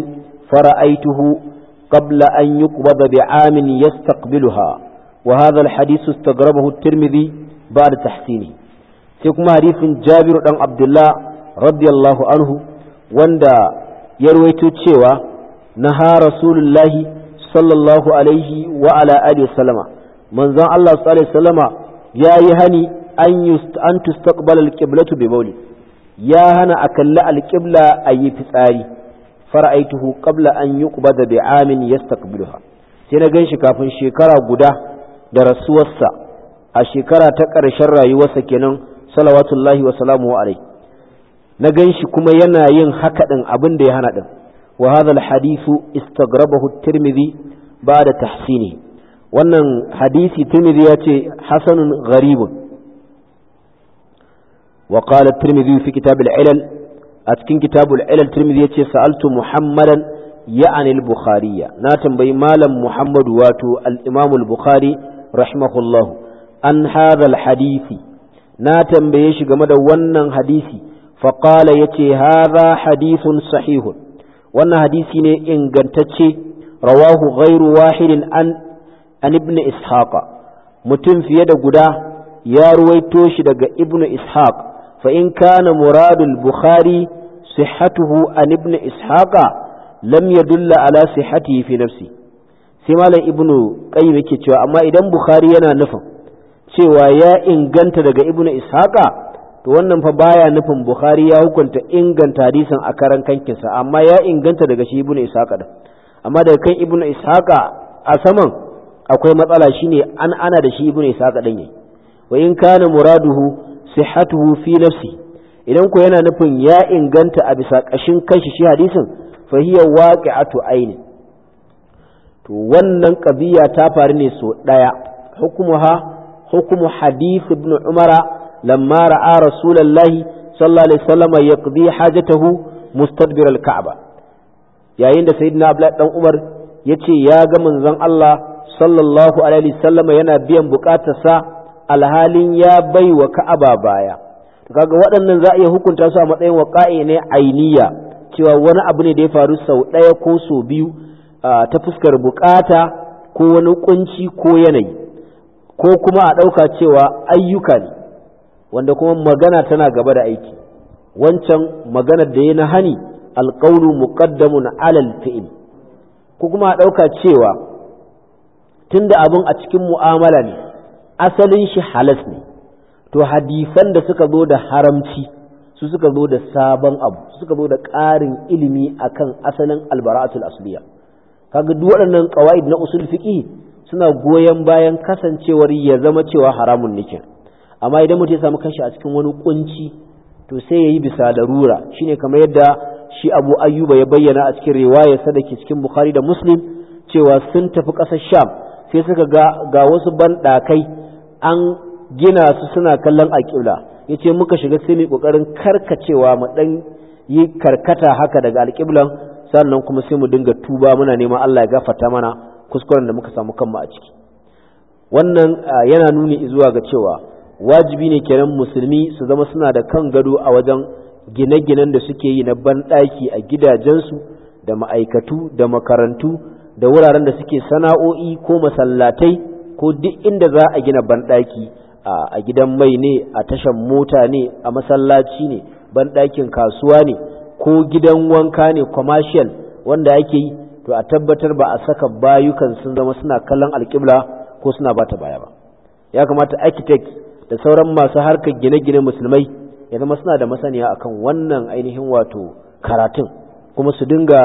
فرأيته قبل أن يقبض بعام يستقبلها وهذا الحديث استغربه الترمذي بعد تحسينه سيكما حديث جابر عن عبد الله radiyallahu anhu wanda ya ruwaito cewa naha rasulullahi sallallahu alaihi wa ala alihi sallama manzon Allah sallallahu alaihi sallama hani an an tustaqbala alqiblatu bi bawli ya hana a kalli alqibla ayi fitsari fara'aituhu qabla an yuqbada bi amin yastaqbiluha sai na ganshi kafin shekara guda da rasuwarsa a shekara ta ƙarshen rayuwarsa kenan salawatullahi wa salamu alaihi na ganshi kuma yana yin haka ɗin abin da ya hana ɗin wa hadha istagrabahu at-tirmidhi ba'da tahsini wannan hadisi tirmidhi ya ce hasanun gharibun wa qala tirmidhi fi kitab al-ilal a cikin kitab al-ilal tirmidhi ce sa'altu muhammadan ya'ani al na tambayi malam muhammadu wato al-imam al-bukhari rahimahullahu an hadha hadisi na tambaye shi game da wannan hadisi faƙala ya ce haza hadithun sahihun wannan hadisi ne ingantacce rawahu ghairu wahidin an an ibn ishaqa mutum fiye da guda ya ruwaito shi daga ibn ishaq fa in kana muradul bukhari sihhatuhu an ibn ishaqa lam yadulla ala sihhatihi fi nafsi sai malam ibnu qayyim yake cewa amma idan bukhari yana nufin cewa ya inganta daga ibnu ishaqa to wannan fa baya nufin bukhari ya hukunta inganta hadisin a karan kankinsa amma ya inganta daga shi ibnu ishaqa da amma daga kan ibnu ishaqa a saman akwai matsala shine an ana da shi ibnu ishaqa din yayi wa in kana muraduhu sihhatuhu fi nafsi idan ko yana nufin ya inganta a bisa kashin kanshi shi hadisin fa hiya waqi'atu aini to wannan qadiya ta faru ne so daya hukumuha hukumu hadith ibnu umara الله صلى rasulullahi عليه وسلم يقضي حاجته hajatahu الكعبه al-ka'ba yayin da الله abdullahi dan umar يا ya ga manzon Allah sallallahu alaihi وسلم yana biyan bukatarsa alhalin ya bai wa ka'aba baya kaga waɗannan za a iya hukunta su a matsayin waƙa'i ne ainiya cewa wani abu ne da ya faru sau ɗaya ko sau biyu ta fuskar buƙata ko wani kunci ko yanayi ko kuma a ɗauka cewa ayyuka ne wanda kuma magana tana gaba da aiki wancan magana da ya na hani alƙaunu muqaddamun alal fi'il ko kuma a ɗauka cewa tunda abin a cikin mu'amala ne asalin shi halas ne to hadisan da suka zo da haramci su suka zo da sabon abu su suka zo da ƙarin ilimi akan asalin albara'atul asliya kaga duk waɗannan qawaid na usul fiqi suna goyon bayan kasancewar ya zama cewa haramun nikin amma idan mutum ya samu kanshi a cikin wani kunci to sai ya yi bisa larura shine kamar yadda shi abu ayyuba ya bayyana a cikin riwaya sadaki cikin bukhari da muslim cewa sun tafi ƙasar sham sai suka ga ga wasu banɗakai an gina su suna kallon alƙibla ya ce muka shiga sai mai ƙoƙarin karkacewa mu ɗan yi karkata haka daga alƙiblan sannan kuma sai mu dinga tuba muna neman allah ya gafarta mana kuskuren da muka samu kanmu a ciki wannan yana nuni zuwa ga cewa wajibi ne kenan musulmi su zama suna da kan gado a wajen gine-ginen da suke yi na banɗaki a gidajensu da ma'aikatu da makarantu da wuraren da suke sana'o'i ko masallatai ko duk inda za a gina banɗaki a gidan mai ne a tashan mota ne a masallaci ne banɗakin kasuwa ne ko gidan wanka ne commercial wanda ake yi to a tabbatar ba a saka bayukan sun zama suna kallon alƙibla ko suna bata baya ba ya kamata architect da sauran masu harkar gine-gine musulmai ya zama suna da masaniya kan wannan ainihin wato karatun kuma su dinga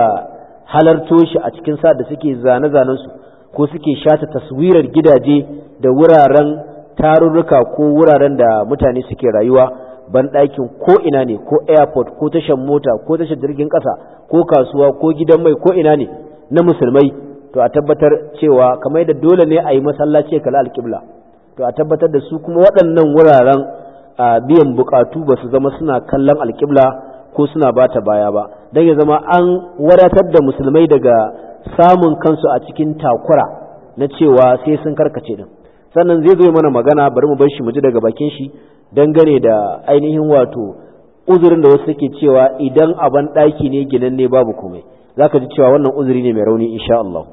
halarto shi a cikin sa da suke zane-zanen su ko suke shata taswirar gidaje da wuraren tarurruka ko wuraren da mutane suke rayuwa ban ɗakin ko ina ne ko airport ko tashar mota ko tashar jirgin ƙasa ko kasuwa ko gidan mai ko ina ne na musulmai to a tabbatar cewa kamar da dole ne a yi masallaci kala alƙibla to a tabbatar da su kuma waɗannan wuraren a biyan bukatu ba su zama suna kallon alƙibla ko suna ba ta baya ba don ya zama an wadatar da musulmai daga samun kansu a cikin takura na cewa sai sun karkace din sannan zai zo mana magana bari mu bar shi mu ji daga bakin shi dangane da ainihin wato uzurin da wasu suke cewa idan aban ɗaki ne ginan ne babu komai zaka ji cewa wannan uzuri ne mai rauni insha Allah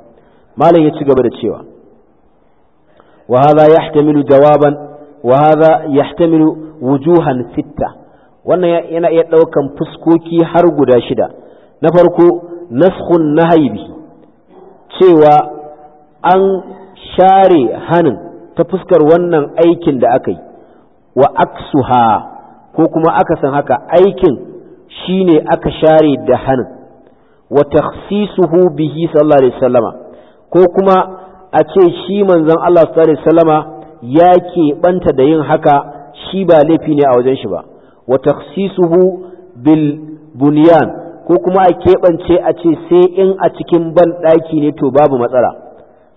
malam ya ci gaba da cewa وهذا يحتمل جوابا وهذا يحتمل وجوها ستة wannan yana iya ɗaukan fuskoki har guda shida na farko naskhun nahaibi cewa an share hanin ta fuskar wannan aikin da aka yi wa aksuha ko kuma aka san haka aikin shine aka share da hanin wa takhsisuhu bihi sallallahu alaihi ko kuma a ce shi manzon Allah sallallahu alaihi wasallama ya keɓanta da yin haka shi ba laifi ne a wajen shi ba wa takhsisuhu bil bunyan ko kuma a keɓance a ce sai in a cikin ban ɗaki ne to babu matsala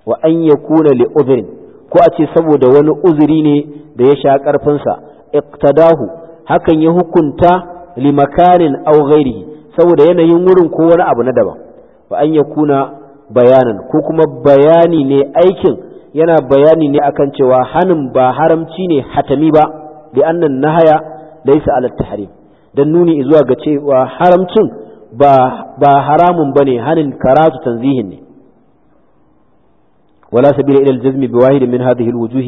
wa an yakuna li ko a ce saboda wani uzuri ne da ya sha ƙarfinsa iqtadahu hakan ya hukunta li makanin aw ghairihi saboda yanayin wurin ko wani abu na daban wa an yakuna bayanan ko kuma bayani ne aikin yana bayani ne akan cewa hanin ba haramci ne hatami ba da annan nahaya laysa ala tahrim dan nuni zuwa ga cewa haramcin ba ba haramun bane hanin karatu tanzihin ne wala sabila ila al bi wahid min hadhihi al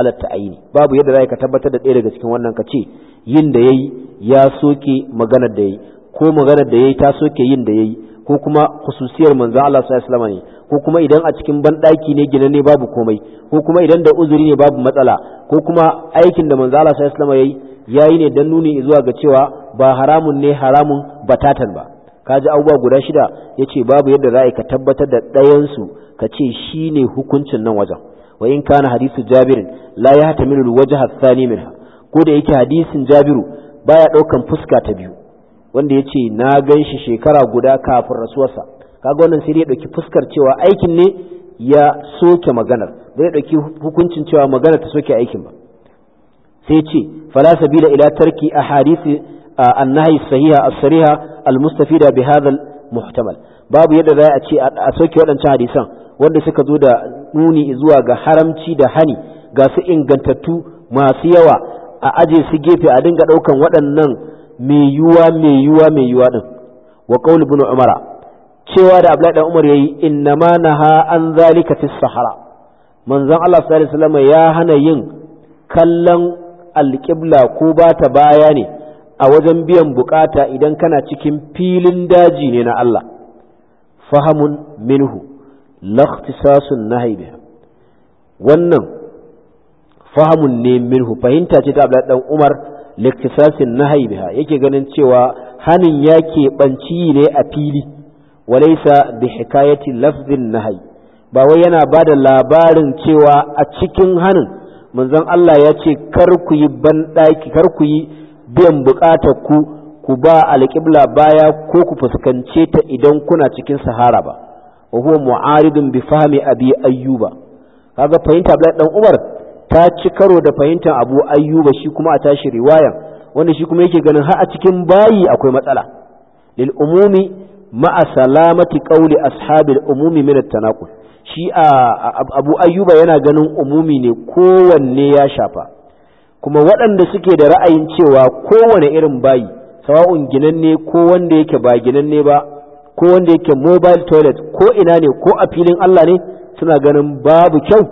ala ta'yin babu yadda zaka tabbatar da ɗaya daga cikin wannan kace yin da yayi ya soke magana da yayi ko magana da yayi ta soke yin da yayi ko kuma khususiyar manzo Allah sallallahu alaihi ne ko kuma idan a cikin banɗaki ne gidan ne babu komai ko kuma idan da uzuri ne babu matsala ko kuma aikin da manzo Allah sallallahu alaihi ya yayi ne dan nuni zuwa ga cewa ba haramun ne haramun batatan ba kaji abubuwa guda shida ya ce babu yadda za ka tabbatar da ɗayan su ka ce shi ne hukuncin nan wajen wa in kana hadisu jabirin la yahtamilu alwajha athani minha ko da yake hadisin jabiru baya ɗaukan fuska ta biyu wanda ya ce na gan shi shekara guda kafin rasuwarsa kaga wannan sai ya ɗauki fuskar cewa aikin ne ya soke maganar da ya ɗauki hukuncin cewa maganar ta soke aikin ba sai ce fala sabila ila tarki a hadisi annahi sahiha as-sariha al-mustafida bi hadha muhtamal babu yadda za a ce a soke waɗancan hadisan wanda suka zo da nuni zuwa ga haramci da hani ga su ingantattu masu yawa a aje su gefe a dinga ɗaukan waɗannan mai yuwa mai yuwa mai yuwa din wa qaul ibn umara cewa da abdullahi dan umar yayi innama naha an zalika fi sahara manzon Allah sallallahu alaihi wasallam ya hana yin kallon alqibla ko ba ta baya ne a wajen biyan bukata idan kana cikin filin daji ne na Allah fahamun minhu lakhtisasun nahi biha wannan fahamun ne minhu fahimta ce ta abdullahi dan umar liktisasin nahyi biha yake ganin cewa hanin ya keɓanci ne a fili walaisa bi hikayati lafzin nahyi ba wai yana ba da labarin cewa a cikin hanin manzon Allah ya ce kar ku yi banɗaki kar ku yi biyan buƙatar ku ku ba alƙibla baya ko ku fuskance ta idan kuna cikin sahara ba wa huwa mu'aridun bi fahmi abi ayyuba kaga fahimta Abdullahi dan Umar ta ci karo da fahimtar abu ayyuba shi kuma a tashi riwayan wanda shi kuma yake ganin har a cikin bayi akwai matsala lil umumi ma'a salamati qawli ashabil umumi min at shi shi abu ayyuba yana ganin umumi ne kowanne ya shafa kuma waɗanda suke da ra'ayin cewa kowane irin bayi sawa'un ginanne ko wanda yake ba ginanne ba ko wanda yake mobile toilet ko ina ne ko a filin Allah ne suna ganin babu kyau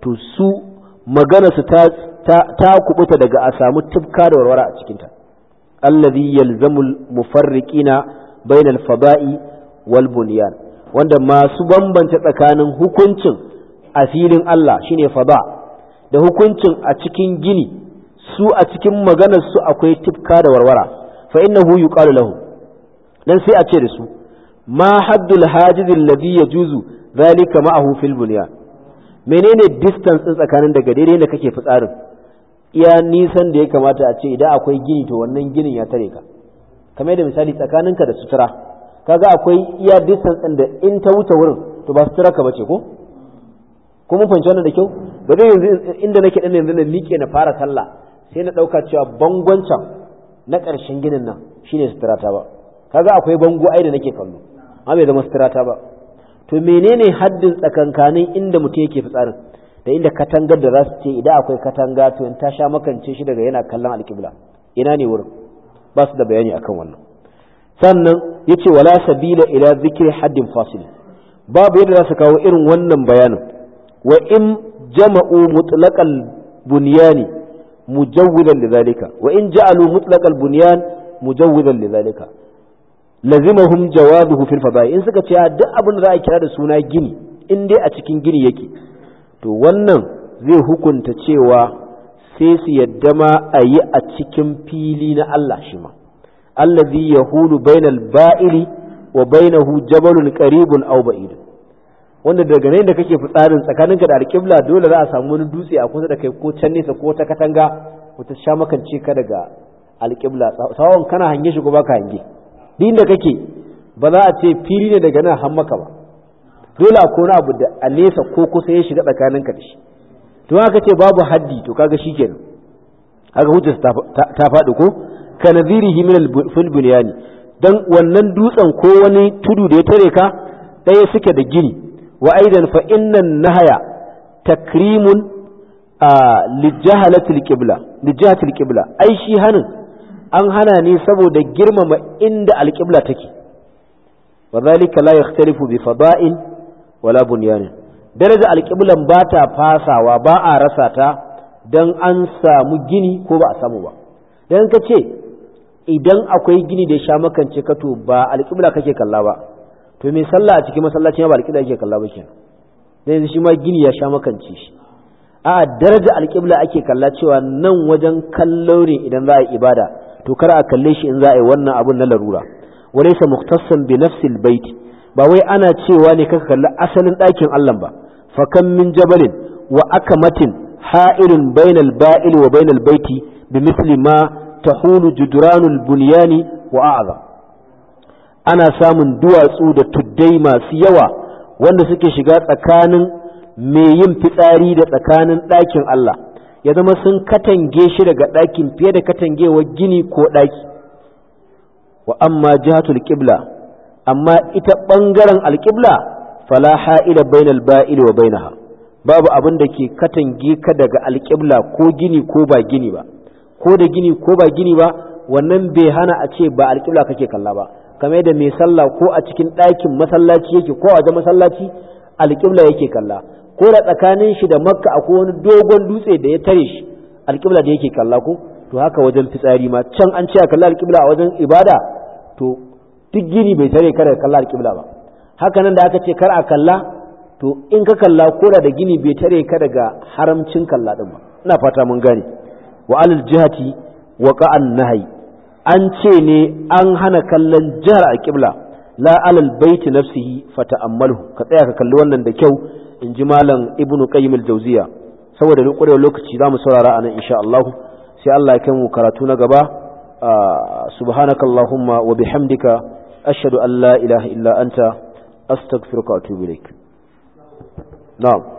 to su maganarsu ta kubuta daga a samu tufka da warwara a cikinta allazi yalzamul mufarriqina bainal fada'i wal bunyan wanda masu bambanta tsakanin hukuncin a filin Allah shine fada da hukuncin a cikin gini su a cikin maganar su akwai tufka da warwara fa innahu yuqalu lahu dan sai a ce da su ma haddul hajiz alladhi yajuzu zalika ma'ahu fil bunyan menene distance din tsakanin daga daidai da kake fitsarin iya nisan da ya kamata a ce idan akwai gini to wannan ginin ya tare ka kamar da misali tsakaninka da sutura kaga akwai iya distance din da in ta wuce wurin to ba sutura ka bace ko ko mun fahimci wannan da kyau ba dai yanzu inda nake dan yanzu na miƙe na fara sallah sai na ɗauka cewa bangon can na ƙarshen ginin nan shine sutura ta ba kaga akwai bango aida nake kallo amma bai zama sutura ta ba to menene haddin tsakankanin inda mutum yake fitsarin da inda katangar da za su ce idan akwai katanga to in ta sha makance shi daga yana kallon alƙibla ina ne wurin ba su da bayani akan wannan sannan ya ce wala sabila ila zikir haddin fasil babu yadda za su kawo irin wannan bayanin wa in jama'u mutlaqal bunyani mujawwidan lidhalika wa in ja'alu mutlaqal bunyan mujawwidan lidhalika lazimahum jawabuhu fil fada'i in suka ce ah, duk abin da za a kira da suna gini in dai a cikin gini yake to wannan zai hukunta cewa sai su yadda ma a yi a cikin fili na Allah shi ma allazi yahulu bainal ba'ili wa bainahu jabalun qaribun aw ba'id wanda daga nan da kake fitsarin tsakaninka da alqibla dole za a samu wani dutse a kusa da kai ko can nesa ko ta katanga wata sha makance ka daga alqibla sawon kana hange shi ko baka hange din da kake ba za a ce fili ne daga nan har maka ba dole a kona abu da a nesa ko kusa ya shiga tsakaninka da shi to haka ce babu haddi to kaga shikenan haka hujja ta faɗi ko ka nadirihi min fil bunyani dan wannan dutsen ko wani tudu da ya tare ka ɗaya suke da gini wa aidan fa inna nahaya takrimun a lijahalatil qibla lijahatil qibla ai shi hanin an hana ne saboda girmama inda alƙibla take wa zalika la yakhtalifu bi fada'in wala bunyanin daraja alƙiblan ba ta fasawa ba a rasa ta dan an samu gini ko ba a samu ba dan ka ce idan akwai gini da ya sha makance ka to ba alƙibla kake kalla ba to me sallah a cikin masallacin ba alƙibla yake kalla ba kenan dan yanzu shi ma gini ya sha makance shi a daraja alƙibla ake kalla cewa nan wajen kallo ne idan za a yi ibada to kar a kalle shi in za a yi wannan abun na larura walaysa mukhtassan bi nafsil baiti ba wai ana cewa ne kaka kalli asalin ɗakin Allah ba fa kam min jabalin wa akamatin ha'ilun bainal ba'il wa bainal baiti bi misli ma tahulu judranul bunyani wa a'za ana samun duwatsu da tuddai masu yawa wanda suke shiga tsakanin mai yin fitsari da tsakanin ɗakin Allah ya zama sun katange shi daga ɗakin fiye da katangewa gini ko ɗaki wa amma jihatul qibla amma ita ɓangaren alƙibla fala ha'ila bainal ba'il wa bainaha babu abin da ke katange ka daga alƙibla ko gini ko ba gini ba ko da gini ko ba gini ba wannan bai hana a ce ba alƙibla kake kalla ba kamar da mai sallah ko a cikin ɗakin masallaci yake ko a wajen masallaci alƙibla yake kalla ko da tsakanin shi da makka akwai wani dogon dutse da ya tare shi alƙibla da yake kalla ko to haka wajen fitsari ma can an ce a kalla alƙibla a wajen ibada to duk gini bai tare kar kalla alƙibla ba haka nan da aka ce kar a kalla to in ka kalla ko da gini bai tare ka daga haramcin kalla din ba ina fata mun gane wa alal jihati wa qa'an nahyi an ce ne an hana kallon jihar alƙibla la alal baiti nafsihi ammalu. ka tsaya ka kalli wannan da kyau in ji malam ibnu qayyim al-jawziya saboda duk ƙwarewar lokaci za mu saurara a nan insha Allah sai Allah ya kai mu karatu na gaba subhanakallahumma wa bihamdika ashhadu an la ilaha illa anta astaghfiruka wa atubu ilaik na'am